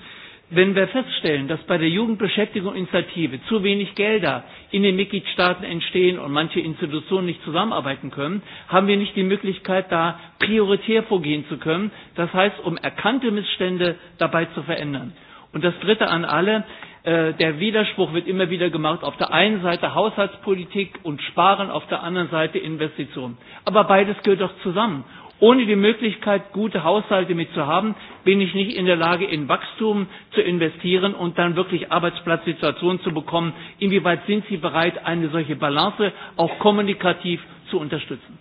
Wenn wir feststellen, dass bei der Jugendbeschäftigungsinitiative zu wenig Gelder in den Mitgliedstaaten entstehen und manche Institutionen nicht zusammenarbeiten können, haben wir nicht die Möglichkeit, da prioritär vorgehen zu können. Das heißt, um erkannte Missstände dabei zu verändern. Und das Dritte an alle, äh, der Widerspruch wird immer wieder gemacht, auf der einen Seite Haushaltspolitik und Sparen, auf der anderen Seite Investitionen. Aber beides gehört doch zusammen. Ohne die Möglichkeit, gute Haushalte mit zu haben, bin ich nicht in der Lage, in Wachstum zu investieren und dann wirklich Arbeitsplatzsituationen zu bekommen. Inwieweit sind Sie bereit, eine solche Balance auch kommunikativ zu unterstützen?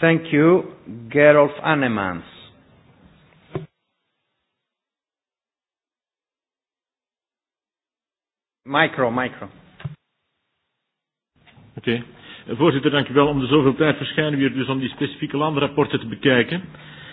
Thank you, Gerolf Annemans. Micro, micro. Okay. Voorzitter, dank u wel. Om de zoveel tijd verschijnen we hier dus om die specifieke landrapporten te bekijken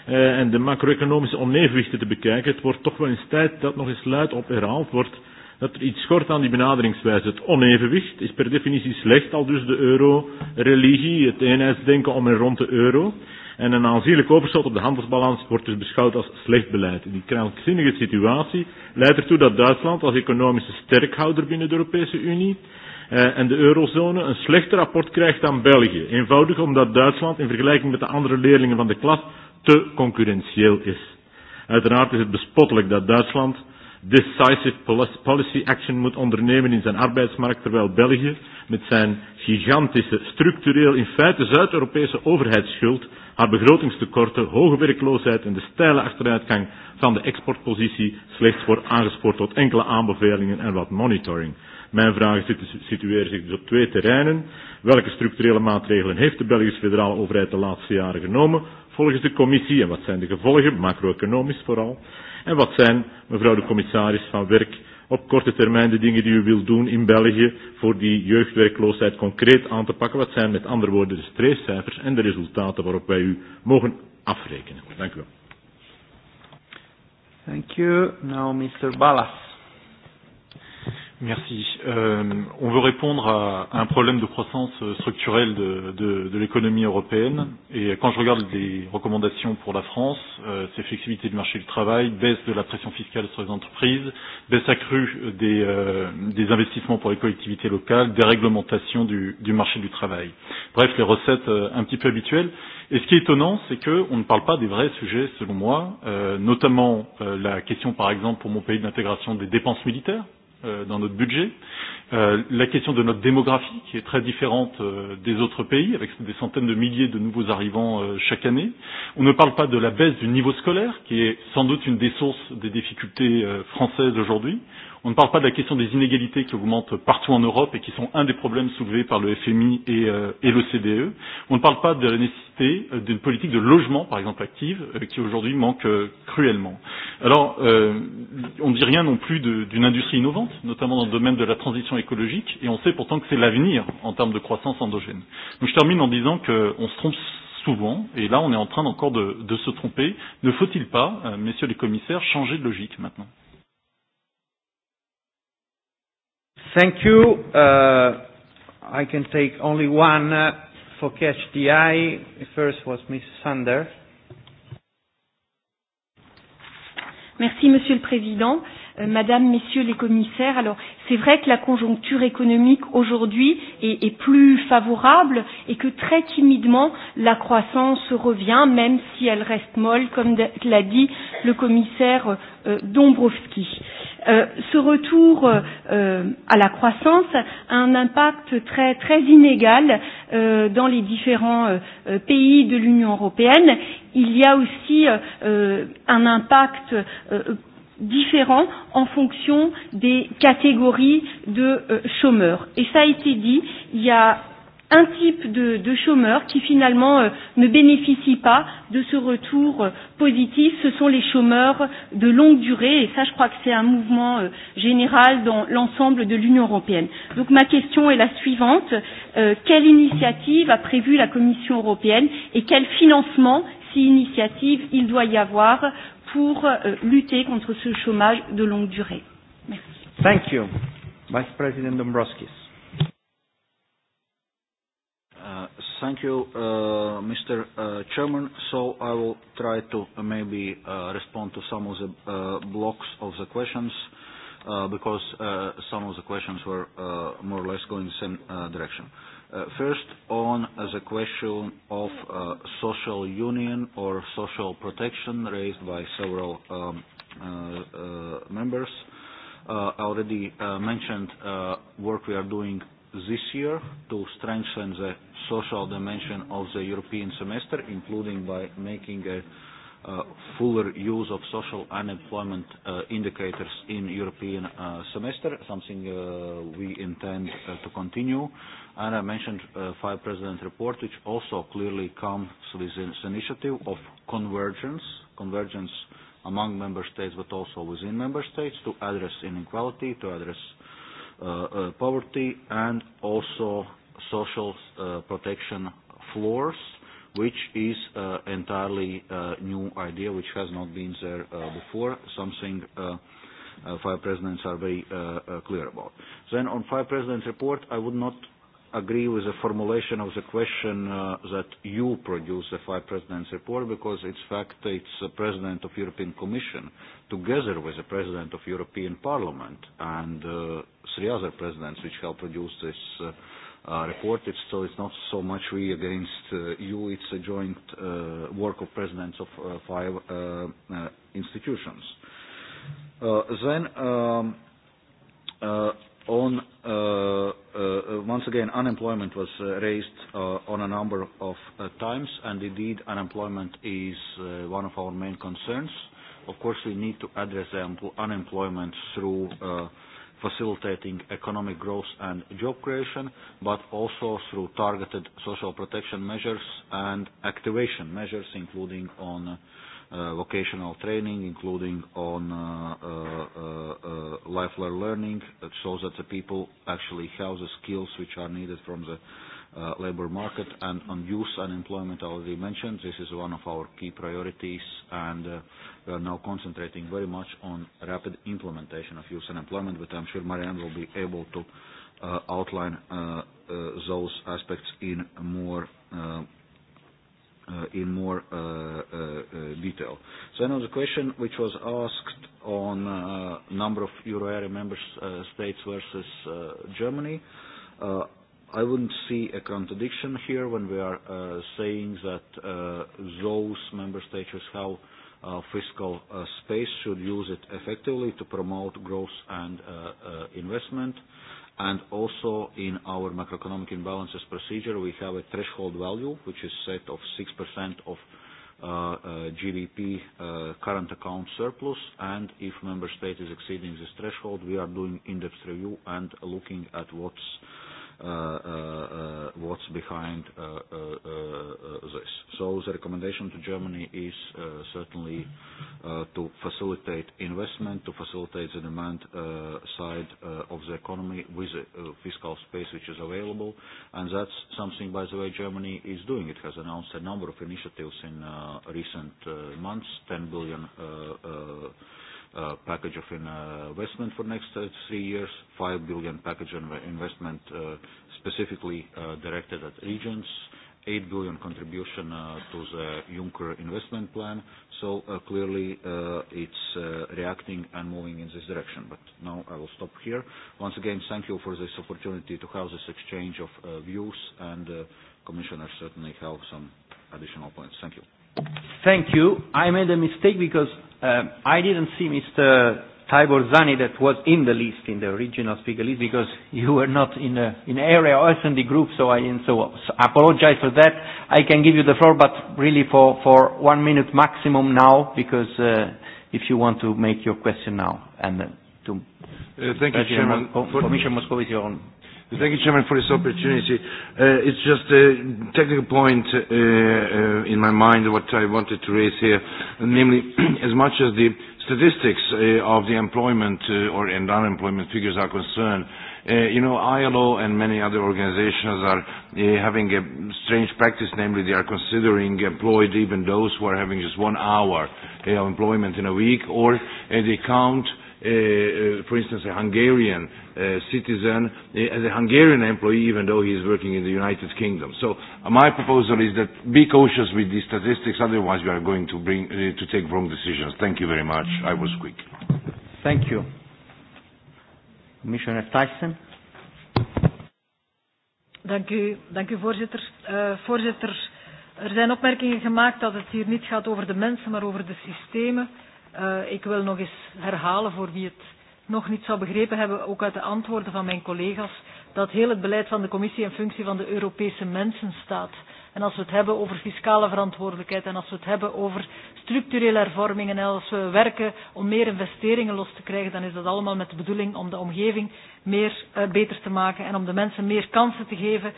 uh, en de macro-economische onevenwichten te bekijken. Het wordt toch wel eens tijd dat nog eens luid op herhaald wordt dat er iets schort aan die benaderingswijze. Het onevenwicht is per definitie slecht, al dus de euro-religie, het eenheidsdenken om en rond de euro. En een aanzienlijk overschot op de handelsbalans wordt dus beschouwd als slecht beleid. die krankzinnige situatie leidt ertoe dat Duitsland als economische sterkhouder binnen de Europese Unie Eh, en de eurozone een slechter rapport krijgt dan België. Eenvoudig omdat Duitsland in vergelijking met de andere leerlingen van de klas te concurrentieel is. Uiteraard is het bespottelijk dat Duitsland decisive policy action moet ondernemen in zijn arbeidsmarkt, terwijl België met zijn gigantische, structureel in feite Zuid-Europese overheidsschuld, haar begrotingstekorten, hoge werkloosheid en de steile achteruitgang van de exportpositie slechts wordt aangespoord tot enkele aanbevelingen en wat monitoring. Mijn vraag situeren zich dus op twee terreinen. Welke structurele maatregelen heeft de Belgische federale overheid de laatste jaren genomen volgens de commissie en wat zijn de gevolgen, macroeconomisch vooral? En wat zijn, mevrouw de commissaris van Werk, op korte termijn de dingen die u wilt doen in België voor die jeugdwerkloosheid concreet aan te pakken? Wat zijn met andere woorden de streefcijfers en de resultaten waarop wij u mogen afrekenen? Dank u wel. Thank you. Now Mr. Ballas. Merci. Euh, on veut répondre à un problème de croissance euh, structurelle de, de, de l'économie européenne. Et euh, quand je regarde les recommandations pour la France, euh, c'est flexibilité du marché du travail, baisse de la pression fiscale sur les entreprises, baisse accrue des, euh, des investissements pour les collectivités locales, déréglementation du, du marché du travail. Bref, les recettes euh, un petit peu habituelles. Et ce qui est étonnant, c'est qu'on ne parle pas des vrais sujets, selon moi, euh, notamment euh, la question, par exemple, pour mon pays, d'intégration des dépenses militaires Euh, dans notre budget. Euh, la question de notre démographie, qui est très différente euh, des autres pays, avec des centaines de milliers de nouveaux arrivants chaque année. On ne parle pas de la baisse du niveau scolaire, qui est sans doute une des sources des difficultés françaises aujourd'hui. On ne parle pas de la question des inégalités qui augmentent partout en Europe et qui sont un des problèmes soulevés par le FMI et, euh, et l'OCDE. E. On ne parle pas de la nécessité euh, d'une politique de logement, par exemple, active, euh, qui aujourd'hui manque euh, cruellement. Alors, euh, on ne dit rien non plus d'une industrie innovante, notamment dans le domaine de la transition écologique, et on sait pourtant que c'est l'avenir en termes de croissance endogène. Donc je termine en disant qu'on se trompe souvent, et là on est en train encore de, de se tromper. Ne faut-il pas, euh, messieurs les commissaires, changer de logique maintenant Thank you. Uh, I can take only one uh, for catch the eye. The first was Ms. Sander. Merci, Monsieur le Président. Euh, Madame, Messieurs les commissaires, alors C'est vrai que la conjoncture économique aujourd'hui est, est plus favorable et que très timidement la croissance revient, même si elle reste molle, comme l'a dit le commissaire euh, Dombrovski. Euh, ce retour euh, à la croissance a un impact très, très inégal euh, dans les différents euh, pays de l'Union européenne. Il y a aussi euh, un impact euh, différents en fonction des catégories de euh, chômeurs. Et ça a été dit, il y a un type de, de chômeur qui finalement euh, ne bénéficie pas de ce retour euh, positif, ce sont les chômeurs de longue durée et ça je crois que c'est un mouvement euh, général dans l'ensemble de l'Union européenne. Donc ma question est la suivante, euh, quelle initiative a prévu la Commission européenne et quel financement si initiative il doit y avoir pour euh, lutter contre ce chômage de longue durée. Merci. Thank you. Vice President Dombrovskis. Uh, thank you, uh, Mr. Uh, Chairman. So I will try to uh, maybe uh, respond to some of the uh, blocks of the questions uh, because uh, some of the questions were uh, more or less going the same uh, direction. Uh, Uh, first, on the question of uh, social union or social protection raised by several um, uh, members. I already mentioned work we are doing this year to strengthen the social dimension of the European semester, including by making a Uh, fuller use of social unemployment uh, indicators in European uh, semester, something uh, we intend uh, to continue. And I mentioned five president report, which also clearly comes with this initiative of convergence, convergence among member states, but also within member states to address inequality, to address poverty, and also social protection floors which is uh, entirely uh, new idea which has not been there uh, before, something uh, uh, five presidents are very uh, uh, clear about. Then on five presidents report, I would not agree with the formulation of the question uh, that you produce the five presidents report because it's fact it's the president of European Commission together with the president of European Parliament and uh, three other presidents which have produced this uh, Uh, reported. So it's not so much we against uh, you. It's a joint uh, work of presidents of uh, five uh, uh, institutions. Uh, then um, uh, on uh, uh, once again unemployment was uh, raised uh, on a number of uh, times, and indeed unemployment is uh, one of our main concerns. Of course, we need to address the unemployment through. Uh, facilitating economic growth and job creation, but also through targeted social protection measures and activation measures, including on uh, vocational training, including on uh, uh, uh lifelong learning, so that the people actually have the skills which are needed from the Uh, labor market and on youth unemployment I already mentioned. This is one of our key priorities and uh, we are now concentrating very much on rapid implementation of youth unemployment, but I'm sure Marianne will be able to uh, outline those aspects in more in more detail. So now the question which was asked on number of euro area member states versus Germany. I wouldn't see a contradiction here when we are uh, saying that uh, those member states have uh, fiscal uh, space should use it effectively to promote growth and uh, uh, investment. And also in our macroeconomic imbalances procedure, we have a threshold value, which is set of 6% of GDP current account surplus. And if member state is exceeding this threshold, we are doing in-depth review and looking at what's Uh, uh, uh, what's behind uh, uh, uh, this. So the recommendation to Germany is certainly to facilitate investment, to facilitate the demand side of the economy with the fiscal space which is available, and that's something, by the way, Germany is doing. It has announced a number of initiatives in recent months, 10 billion Uh, package of uh, investment for next uh, three years, 5 billion package of investment specifically directed at regions, 8 billion contribution to the Juncker investment plan. So clearly, it's reacting and moving in this direction. But now I will stop here. Once again, thank you for this opportunity to have this exchange of views, and commissioners certainly have some additional points. Thank you. Thank you. I made a mistake because Uh I didn't see Mr. Tibor Zani that was in the list, in the original speaker list, because you were not in the in area or the group, so I didn't, so, apologize for that. I can give you the floor, but really for, for one minute maximum now, because uh, if you want to make your question now, and uh, to uh, thank you, Chairman. for, Commissioner Moscovici Thank you, Chairman, for this opportunity. Uh, it's just a technical point uh, uh, in my mind what I wanted to raise here, namely, as much as the statistics uh, of the employment uh, or and unemployment figures are concerned, uh, you know, ILO and many other organizations are uh, having a strange practice, namely they are considering employed even those who are having just one hour uh, of employment in a week, or uh, they count uh, Uh, uh, for instance, a Hungarian uh, citizen as a Hungarian employee, even though he is working in the United Kingdom. So my proposal is that be cautious with these statistics, otherwise we are going to, bring, to take wrong decisions. Thank you very much. I was quick. Thank you. Commissioner Tyson. Dank u, dank u voorzitter. Uh, voorzitter, er zijn opmerkingen gemaakt dat het hier niet gaat over de mensen, maar over de systemen. Uh, ik wil nog eens herhalen voor wie het nog niet zou begrepen hebben, ook uit de antwoorden van mijn collega's, dat heel het beleid van de commissie in functie van de Europese mensen staat. En als we het hebben over fiscale verantwoordelijkheid en als we het hebben over structurele hervormingen en als we werken om meer investeringen los te krijgen, dan is dat allemaal met de bedoeling om de omgeving meer, uh, beter te maken en om de mensen meer kansen te geven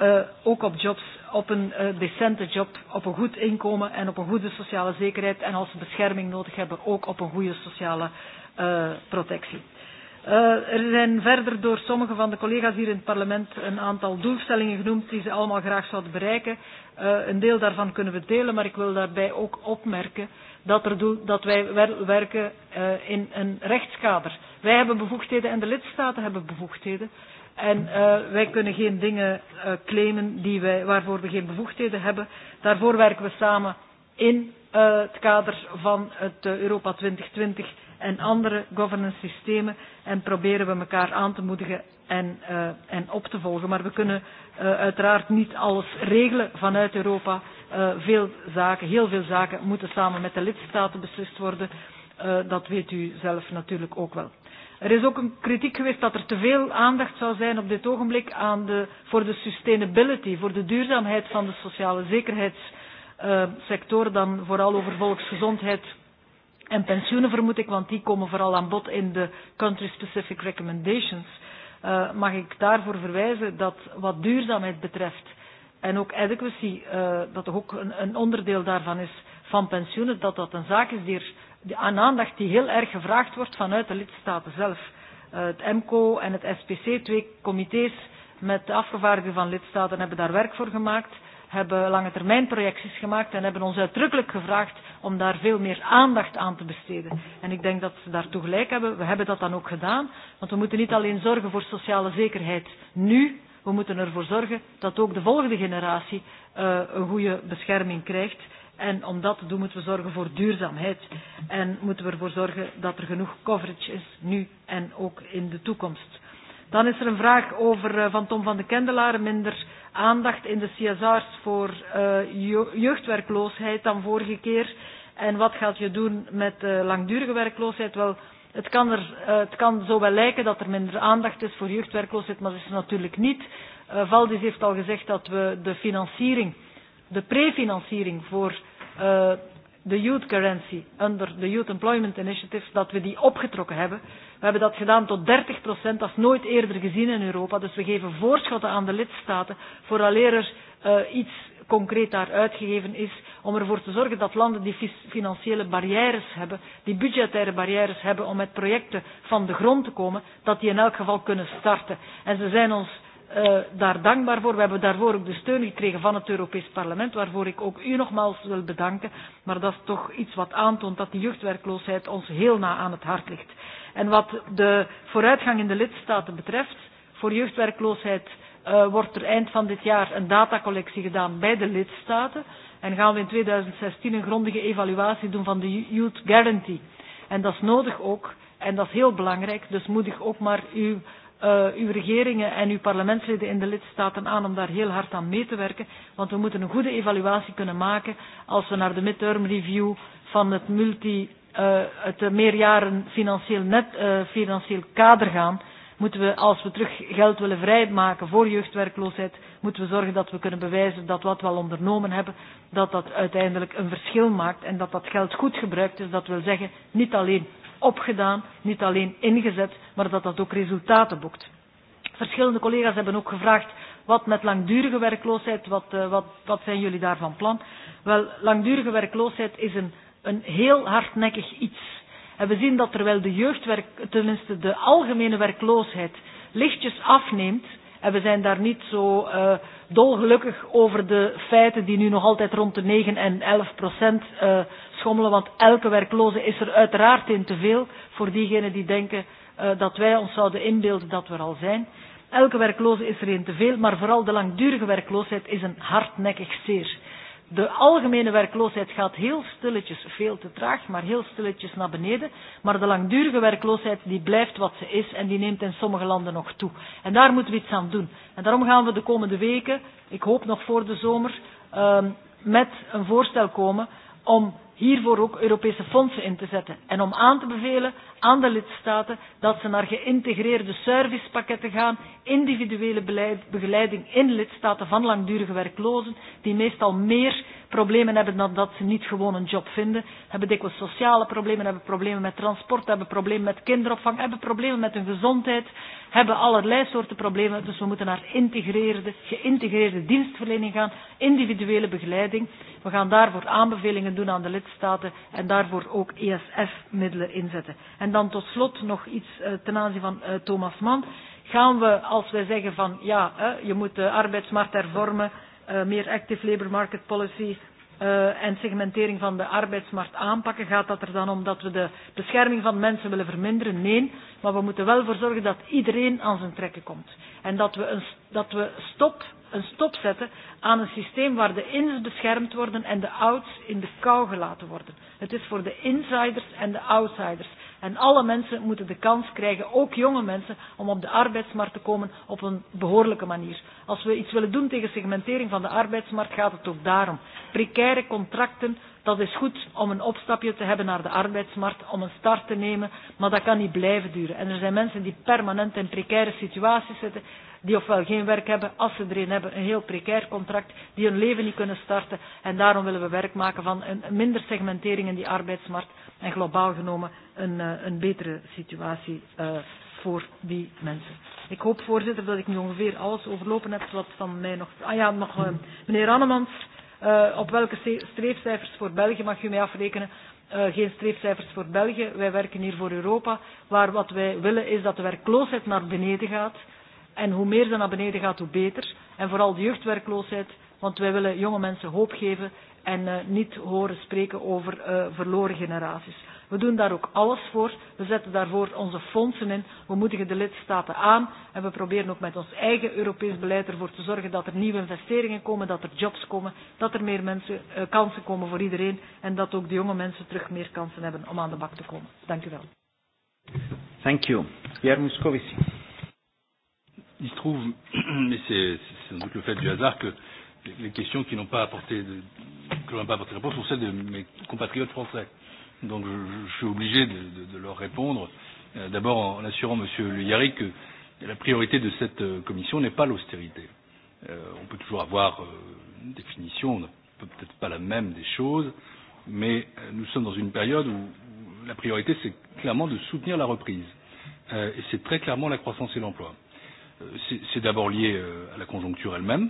uh, ook op jobs, op een uh, decente job, op een goed inkomen en op een goede sociale zekerheid. En als ze bescherming nodig hebben, ook op een goede sociale uh, protectie. Uh, er zijn verder door sommige van de collega's hier in het parlement een aantal doelstellingen genoemd die ze allemaal graag zouden bereiken. Uh, een deel daarvan kunnen we delen, maar ik wil daarbij ook opmerken dat, er doel, dat wij werken uh, in een rechtskader. Wij hebben bevoegdheden en de lidstaten hebben bevoegdheden. En uh, wij kunnen geen dingen uh, claimen die wij, waarvoor we geen bevoegdheden hebben. Daarvoor werken we samen in uh, het kader van het Europa 2020 en andere governance systemen en proberen we elkaar aan te moedigen en, uh, en op te volgen. Maar we kunnen uh, uiteraard niet alles regelen vanuit Europa. Uh, veel zaken, heel veel zaken moeten samen met de lidstaten beslist worden. Uh, dat weet u zelf natuurlijk ook wel. Er is ook een kritiek geweest dat er te veel aandacht zou zijn op dit ogenblik aan de, voor de sustainability, voor de duurzaamheid van de sociale zekerheidssector, uh, eh, dan vooral over volksgezondheid en pensioenen vermoed ik, want die komen vooral aan bod in de country-specific recommendations. Uh, mag ik daarvoor verwijzen dat wat duurzaamheid betreft en ook adequacy, uh, dat toch ook een, een onderdeel daarvan is van pensioenen, dat dat een zaak is die er aan aandacht die heel erg gevraagd wordt vanuit de lidstaten zelf. Eh, het EMCO en het SPC, twee comité's met de afgevaardigden van lidstaten, hebben daar werk voor gemaakt, hebben lange termijn projecties gemaakt en hebben ons uitdrukkelijk gevraagd om daar veel meer aandacht aan te besteden. En ik denk dat ze daartoe gelijk hebben. We hebben dat dan ook gedaan, want we moeten niet alleen zorgen voor sociale zekerheid nu, we moeten ervoor zorgen dat ook de volgende generatie uh, een goede bescherming krijgt En om dat te doen moeten we zorgen voor duurzaamheid. En moeten we ervoor zorgen dat er genoeg coverage is nu en ook in de toekomst. Dan is er een vraag over eh, van Tom van de Kendelaar. Minder aandacht in de CSR's voor eh, jeugdwerkloosheid dan vorige keer. En wat gaat je doen met langdurige werkloosheid? Wel, het kan, er, eh, het kan zo wel lijken dat er minder aandacht is voor jeugdwerkloosheid, maar dat is er natuurlijk niet. Valdis heeft al gezegd dat we de financiering, de prefinanciering voor Eh, de youth guarantee onder de youth employment initiative, dat we die opgetrokken hebben. We hebben dat gedaan tot 30 procent, dat is nooit eerder gezien in Europa. Dus we geven voorschotten aan de lidstaten vooraleer er uh, iets concreet daar uitgegeven is om ervoor te zorgen dat landen die financiële barrières hebben, die budgettaire barrières hebben om met projecten van de grond te komen, dat die in elk geval kunnen starten. En ze zijn ons uh, daar dankbaar voor. We hebben daarvoor ook de steun gekregen van het Europees Parlement, waarvoor ik ook u nogmaals wil bedanken. Maar dat is toch iets wat aantoont dat de jeugdwerkloosheid ons heel na aan het hart ligt. En wat de vooruitgang in de lidstaten betreft, voor jeugdwerkloosheid uh, wordt er eind van dit jaar een datacollectie gedaan bij de lidstaten. En gaan we in 2016 een grondige evaluatie doen van de Youth Guarantee. En dat is nodig ook. En dat is heel belangrijk. Dus moedig ook maar u uh, uw regeringen en uw parlementsleden in de lidstaten aan om daar heel hard aan mee te werken. Want we moeten een goede evaluatie kunnen maken als we naar de midterm review van het, multi, uh, het meerjaren financieel, net, uh, financieel kader gaan. Moeten we, als we terug geld willen vrijmaken voor jeugdwerkloosheid, moeten we zorgen dat we kunnen bewijzen dat wat we al ondernomen hebben, dat dat uiteindelijk een verschil maakt en dat dat geld goed gebruikt is. Dat wil zeggen, niet alleen opgedaan, niet alleen ingezet, maar dat dat ook resultaten boekt. Verschillende collega's hebben ook gevraagd wat met langdurige werkloosheid, wat, eh, wat, wat zijn jullie daarvan plan? Wel, langdurige werkloosheid is een, een heel hardnekkig iets. En we zien dat terwijl de jeugdwerk, tenminste de algemene werkloosheid, lichtjes afneemt, en we zijn daar niet zo uh, dolgelukkig over de feiten die nu nog altijd rond de 9 en 11 procent uh, schommelen, want elke werkloze is er uiteraard in te veel voor diegenen die denken uh, dat wij ons zouden inbeelden dat we er al zijn. Elke werkloze is er in te veel, maar vooral de langdurige werkloosheid is een hardnekkig zeer. De algemene werkloosheid gaat heel stilletjes, veel te traag, maar heel stilletjes naar beneden. Maar de langdurige werkloosheid die blijft wat ze is en die neemt in sommige landen nog toe. En daar moeten we iets aan doen. En daarom gaan we de komende weken, ik hoop nog voor de zomer, uh, met een voorstel komen om hiervoor ook Europese fondsen in te zetten. En om aan te bevelen aan de lidstaten dat ze naar geïntegreerde servicepakketten gaan, individuele beleid, begeleiding in lidstaten van langdurige werklozen, die meestal meer problemen hebben dan dat ze niet gewoon een job vinden, hebben dikwijls sociale problemen, hebben problemen met transport, hebben problemen met kinderopvang, hebben problemen met hun gezondheid, hebben allerlei soorten problemen. Dus we moeten naar geïntegreerde, geïntegreerde dienstverlening gaan, individuele begeleiding. We gaan daarvoor aanbevelingen doen aan de lidstaten en daarvoor ook ESF-middelen inzetten. En En dan tot slot nog iets eh, ten aanzien van eh, Thomas Mann. Gaan we, als wij zeggen van ja, je moet de arbeidsmarkt hervormen, eh, meer active labour market policy en segmentering van de arbeidsmarkt aanpakken, gaat dat er dan om dat we de bescherming van mensen willen verminderen? Nee, maar we moeten wel voor zorgen dat iedereen aan zijn trekken komt. En dat we, een, dat we stop, een stop zetten aan een systeem waar de ins beschermd worden en de outs in de kou gelaten worden. Het is voor de insiders en de outsiders. En alle mensen moeten de kans krijgen, ook jonge mensen, om op de arbeidsmarkt te komen op een behoorlijke manier. Als we iets willen doen tegen segmentering van de arbeidsmarkt, gaat het ook daarom. Precaire contracten, dat is goed om een opstapje te hebben naar de arbeidsmarkt, om een start te nemen, maar dat kan niet blijven duren. En er zijn mensen die permanent in precaire situaties zitten, die ofwel geen werk hebben, als ze erin hebben, een heel precair contract, die hun leven niet kunnen starten. En daarom willen we werk maken van een minder segmentering in die arbeidsmarkt, en globaal genomen een, eh, een betere situatie eh, voor die mensen. Ik hoop, voorzitter, dat ik nu ongeveer alles overlopen heb wat van mij nog... Ah ja, nog eh, meneer Annemans, uh, op welke streefcijfers voor België mag u mij afrekenen? Uh, geen streefcijfers voor België. Wij werken hier voor Europa, waar wat wij willen is dat de werkloosheid naar beneden gaat. En hoe meer ze naar beneden gaat, hoe beter. En vooral de jeugdwerkloosheid want wij willen jonge mensen hoop geven en uh, niet horen spreken over uh, verloren generaties. We doen daar ook alles voor. We zetten daarvoor onze fondsen in. We moedigen de lidstaten aan. En we proberen ook met ons eigen Europees beleid ervoor te zorgen dat er nieuwe investeringen komen, dat er jobs komen, dat er meer mensen, uh, kansen komen voor iedereen. En dat ook de jonge mensen terug meer kansen hebben om aan de bak te komen. Dank u wel. Thank you. Pierre trouve, mais c'est is doute le fait du hasard que les questions qui n'ont pas apporté de, que n'ont pas apporté de réponse sont celles de mes compatriotes français. Donc je, je suis obligé de, de, de leur répondre, euh, d'abord en assurant M. Le que la priorité de cette euh, commission n'est pas l'austérité. Euh, on peut toujours avoir euh, une définition, on n'a peut-être pas la même des choses, mais euh, nous sommes dans une période où la priorité c'est clairement de soutenir la reprise. Euh, et c'est très clairement la croissance et l'emploi. Euh, c'est d'abord lié euh, à la conjoncture elle-même,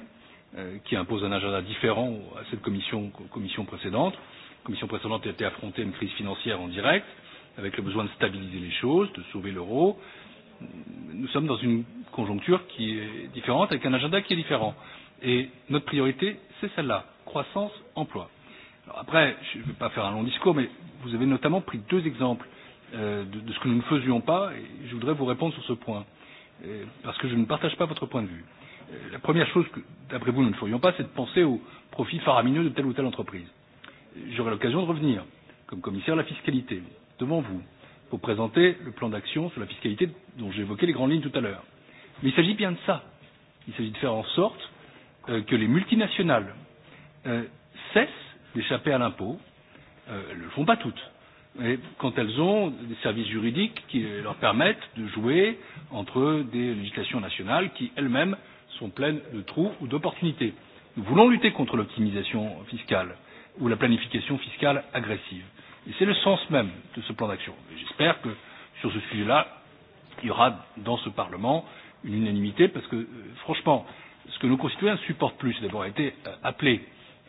Euh, qui impose un agenda différent à cette commission, commission précédente. La commission précédente a été affrontée à une crise financière en direct, avec le besoin de stabiliser les choses, de sauver l'euro. Nous sommes dans une conjoncture qui est différente, avec un agenda qui est différent. Et notre priorité, c'est celle-là, croissance, emploi. Alors après, je ne vais pas faire un long discours, mais vous avez notamment pris deux exemples euh, de, de ce que nous ne faisions pas, et je voudrais vous répondre sur ce point, euh, parce que je ne partage pas votre point de vue la première chose que, d'après vous, nous ne ferions pas, c'est de penser aux profits faramineux de telle ou telle entreprise. J'aurai l'occasion de revenir, comme commissaire à la fiscalité, devant vous, pour présenter le plan d'action sur la fiscalité dont j'ai évoqué les grandes lignes tout à l'heure. Mais il s'agit bien de ça. Il s'agit de faire en sorte euh, que les multinationales euh, cessent d'échapper à l'impôt. Euh, elles ne le font pas toutes. Et quand elles ont des services juridiques qui leur permettent de jouer entre des législations nationales qui elles-mêmes sont pleines de trous ou d'opportunités. Nous voulons lutter contre l'optimisation fiscale ou la planification fiscale agressive. Et c'est le sens même de ce plan d'action. J'espère que sur ce sujet-là, il y aura dans ce Parlement une unanimité parce que, euh, franchement, ce que nos concitoyens supportent plus, c'est d'avoir été euh, appelés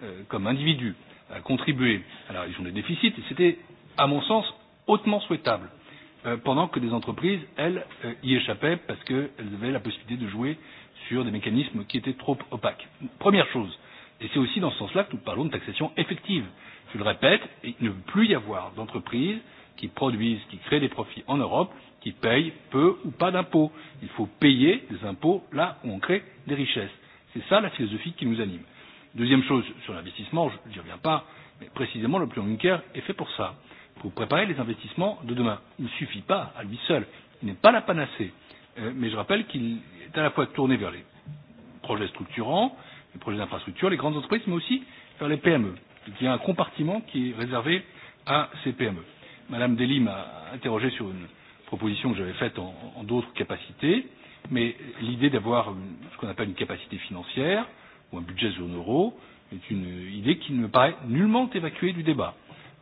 euh, comme individus à contribuer à la réduction des déficits. Et c'était, à mon sens, hautement souhaitable euh, pendant que des entreprises, elles, y échappaient parce qu'elles avaient la possibilité de jouer structures, des mécanismes qui étaient trop opaques. Première chose, et c'est aussi dans ce sens-là que nous parlons de taxation effective. Je le répète, il ne peut plus y avoir d'entreprises qui produisent, qui créent des profits en Europe, qui payent peu ou pas d'impôts. Il faut payer des impôts là où on crée des richesses. C'est ça la philosophie qui nous anime. Deuxième chose, sur l'investissement, je n'y reviens pas, mais précisément le plan Juncker est fait pour ça, pour préparer les investissements de demain. Il ne suffit pas à lui seul, il n'est pas la panacée. Euh, mais je rappelle qu'il est à la fois tourné vers les projets structurants, les projets d'infrastructure, les grandes entreprises, mais aussi vers les PME. Il y a un compartiment qui est réservé à ces PME. Madame Dely m'a interrogé sur une proposition que j'avais faite en, en d'autres capacités, mais l'idée d'avoir ce qu'on appelle une capacité financière ou un budget zone euro est une idée qui ne me paraît nullement évacuée du débat.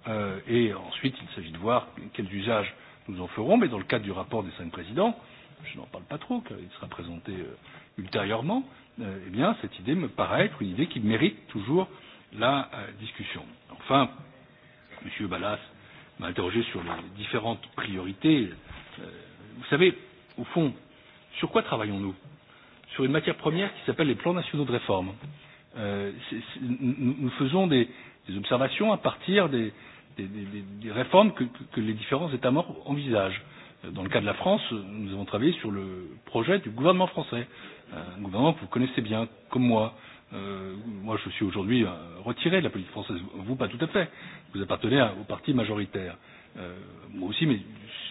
Euh, et ensuite, il s'agit de voir quels usages nous en ferons, mais dans le cadre du rapport des cinq présidents, je n'en parle pas trop car il sera présenté euh, ultérieurement, euh, eh bien cette idée me paraît être une idée qui mérite toujours la euh, discussion. Enfin, M. Ballas m'a interrogé sur les différentes priorités. Vous savez, au fond, sur quoi travaillons-nous Sur une matière première qui s'appelle les plans nationaux de réforme. Euh, c nous faisons des, des observations à partir des, des, des, des réformes que, que, que les différents États membres envisagent. Dans le cas de la France, nous avons travaillé sur le projet du gouvernement français, euh, un gouvernement que vous connaissez bien, comme moi. Euh, moi, je suis aujourd'hui euh, retiré de la politique française, vous pas tout à fait. Vous appartenez au parti majoritaire. Euh, moi aussi, mais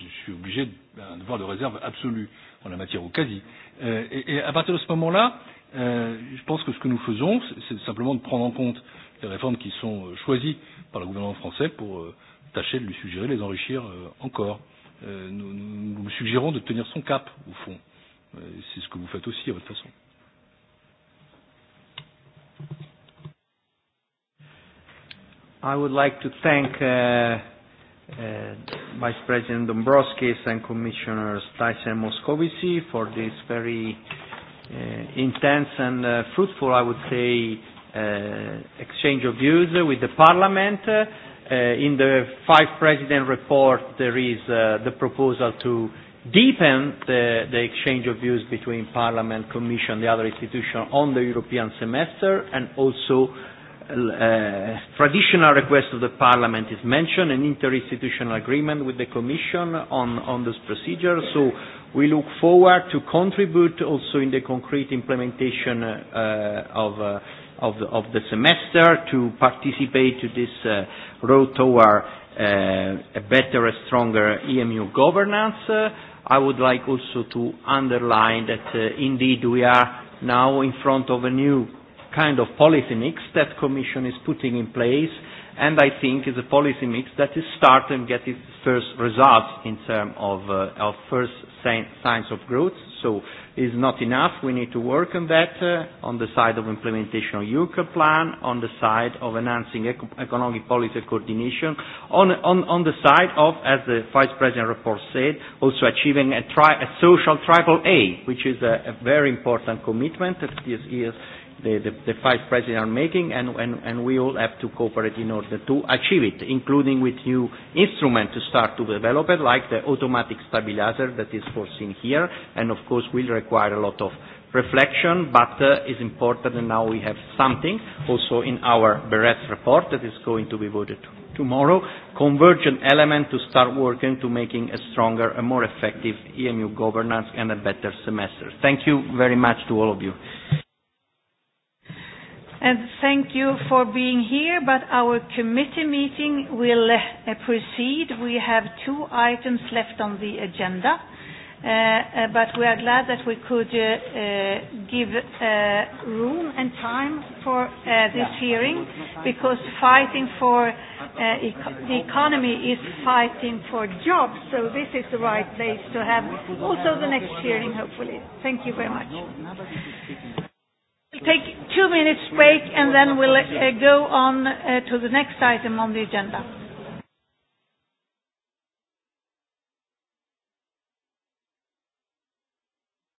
je suis obligé d'un devoir de réserve absolu en la matière au quasi. Euh, et, et à partir de ce moment-là, euh, je pense que ce que nous faisons, c'est simplement de prendre en compte les réformes qui sont euh, choisies par le gouvernement français pour euh, tâcher de lui suggérer de les enrichir euh, encore. Euh, nous, nous, nous suggérons de tenir son cap, au fond. Euh, c'est ce que vous faites aussi à votre façon. I would like to thank uh, uh, Vice President Dombrovskis and Commissioners Tyson Moscovici for this very uh, intense and uh, fruitful, I would say, uh, exchange of views with the Parliament. Uh, Uh, in the five president report, there is uh, the proposal to deepen the, the exchange of views between Parliament, Commission, the other institutions on the European semester, and also uh, traditional request of the Parliament is mentioned, an interinstitutional agreement with the Commission on, on this procedure. So we look forward to contribute also in the concrete implementation uh, of uh, of the, of the semester to participate to this uh, road toward uh, a better, a stronger EMU governance. Uh, I would like also to underline that uh, indeed we are now in front of a new kind of policy mix that Commission is putting in place and I think is a policy mix that is starting to get its first results in terms of, uh, of first signs of growth So it's not enough. We need to work on that uh, on the side of implementation of Juncker plan, on the side of enhancing eco economic policy coordination, on, on, on the side of, as the Vice President report said, also achieving a, tri a social triple A, which is a, a very important commitment that this year's the, the, the five presidents are making, and, and, and we all have to cooperate in order to achieve it, including with new instruments to start to develop it, like the automatic stabilizer that is foreseen here, and of course will require a lot of reflection, but uh, is important and now we have something also in our Beret report that is going to be voted tomorrow, convergent element to start working to making a stronger and more effective EMU governance and a better semester. Thank you very much to all of you. And thank you for being here, but our committee meeting will uh, proceed. We have two items left on the agenda, uh, uh but we are glad that we could uh, uh give uh, room and time for this hearing, because fighting for eco the economy is fighting for jobs, so this is the right place to have also the next hearing, hopefully. Thank you very much. We'll take two minutes break and then we'll uh, go on uh, to the next item on the agenda.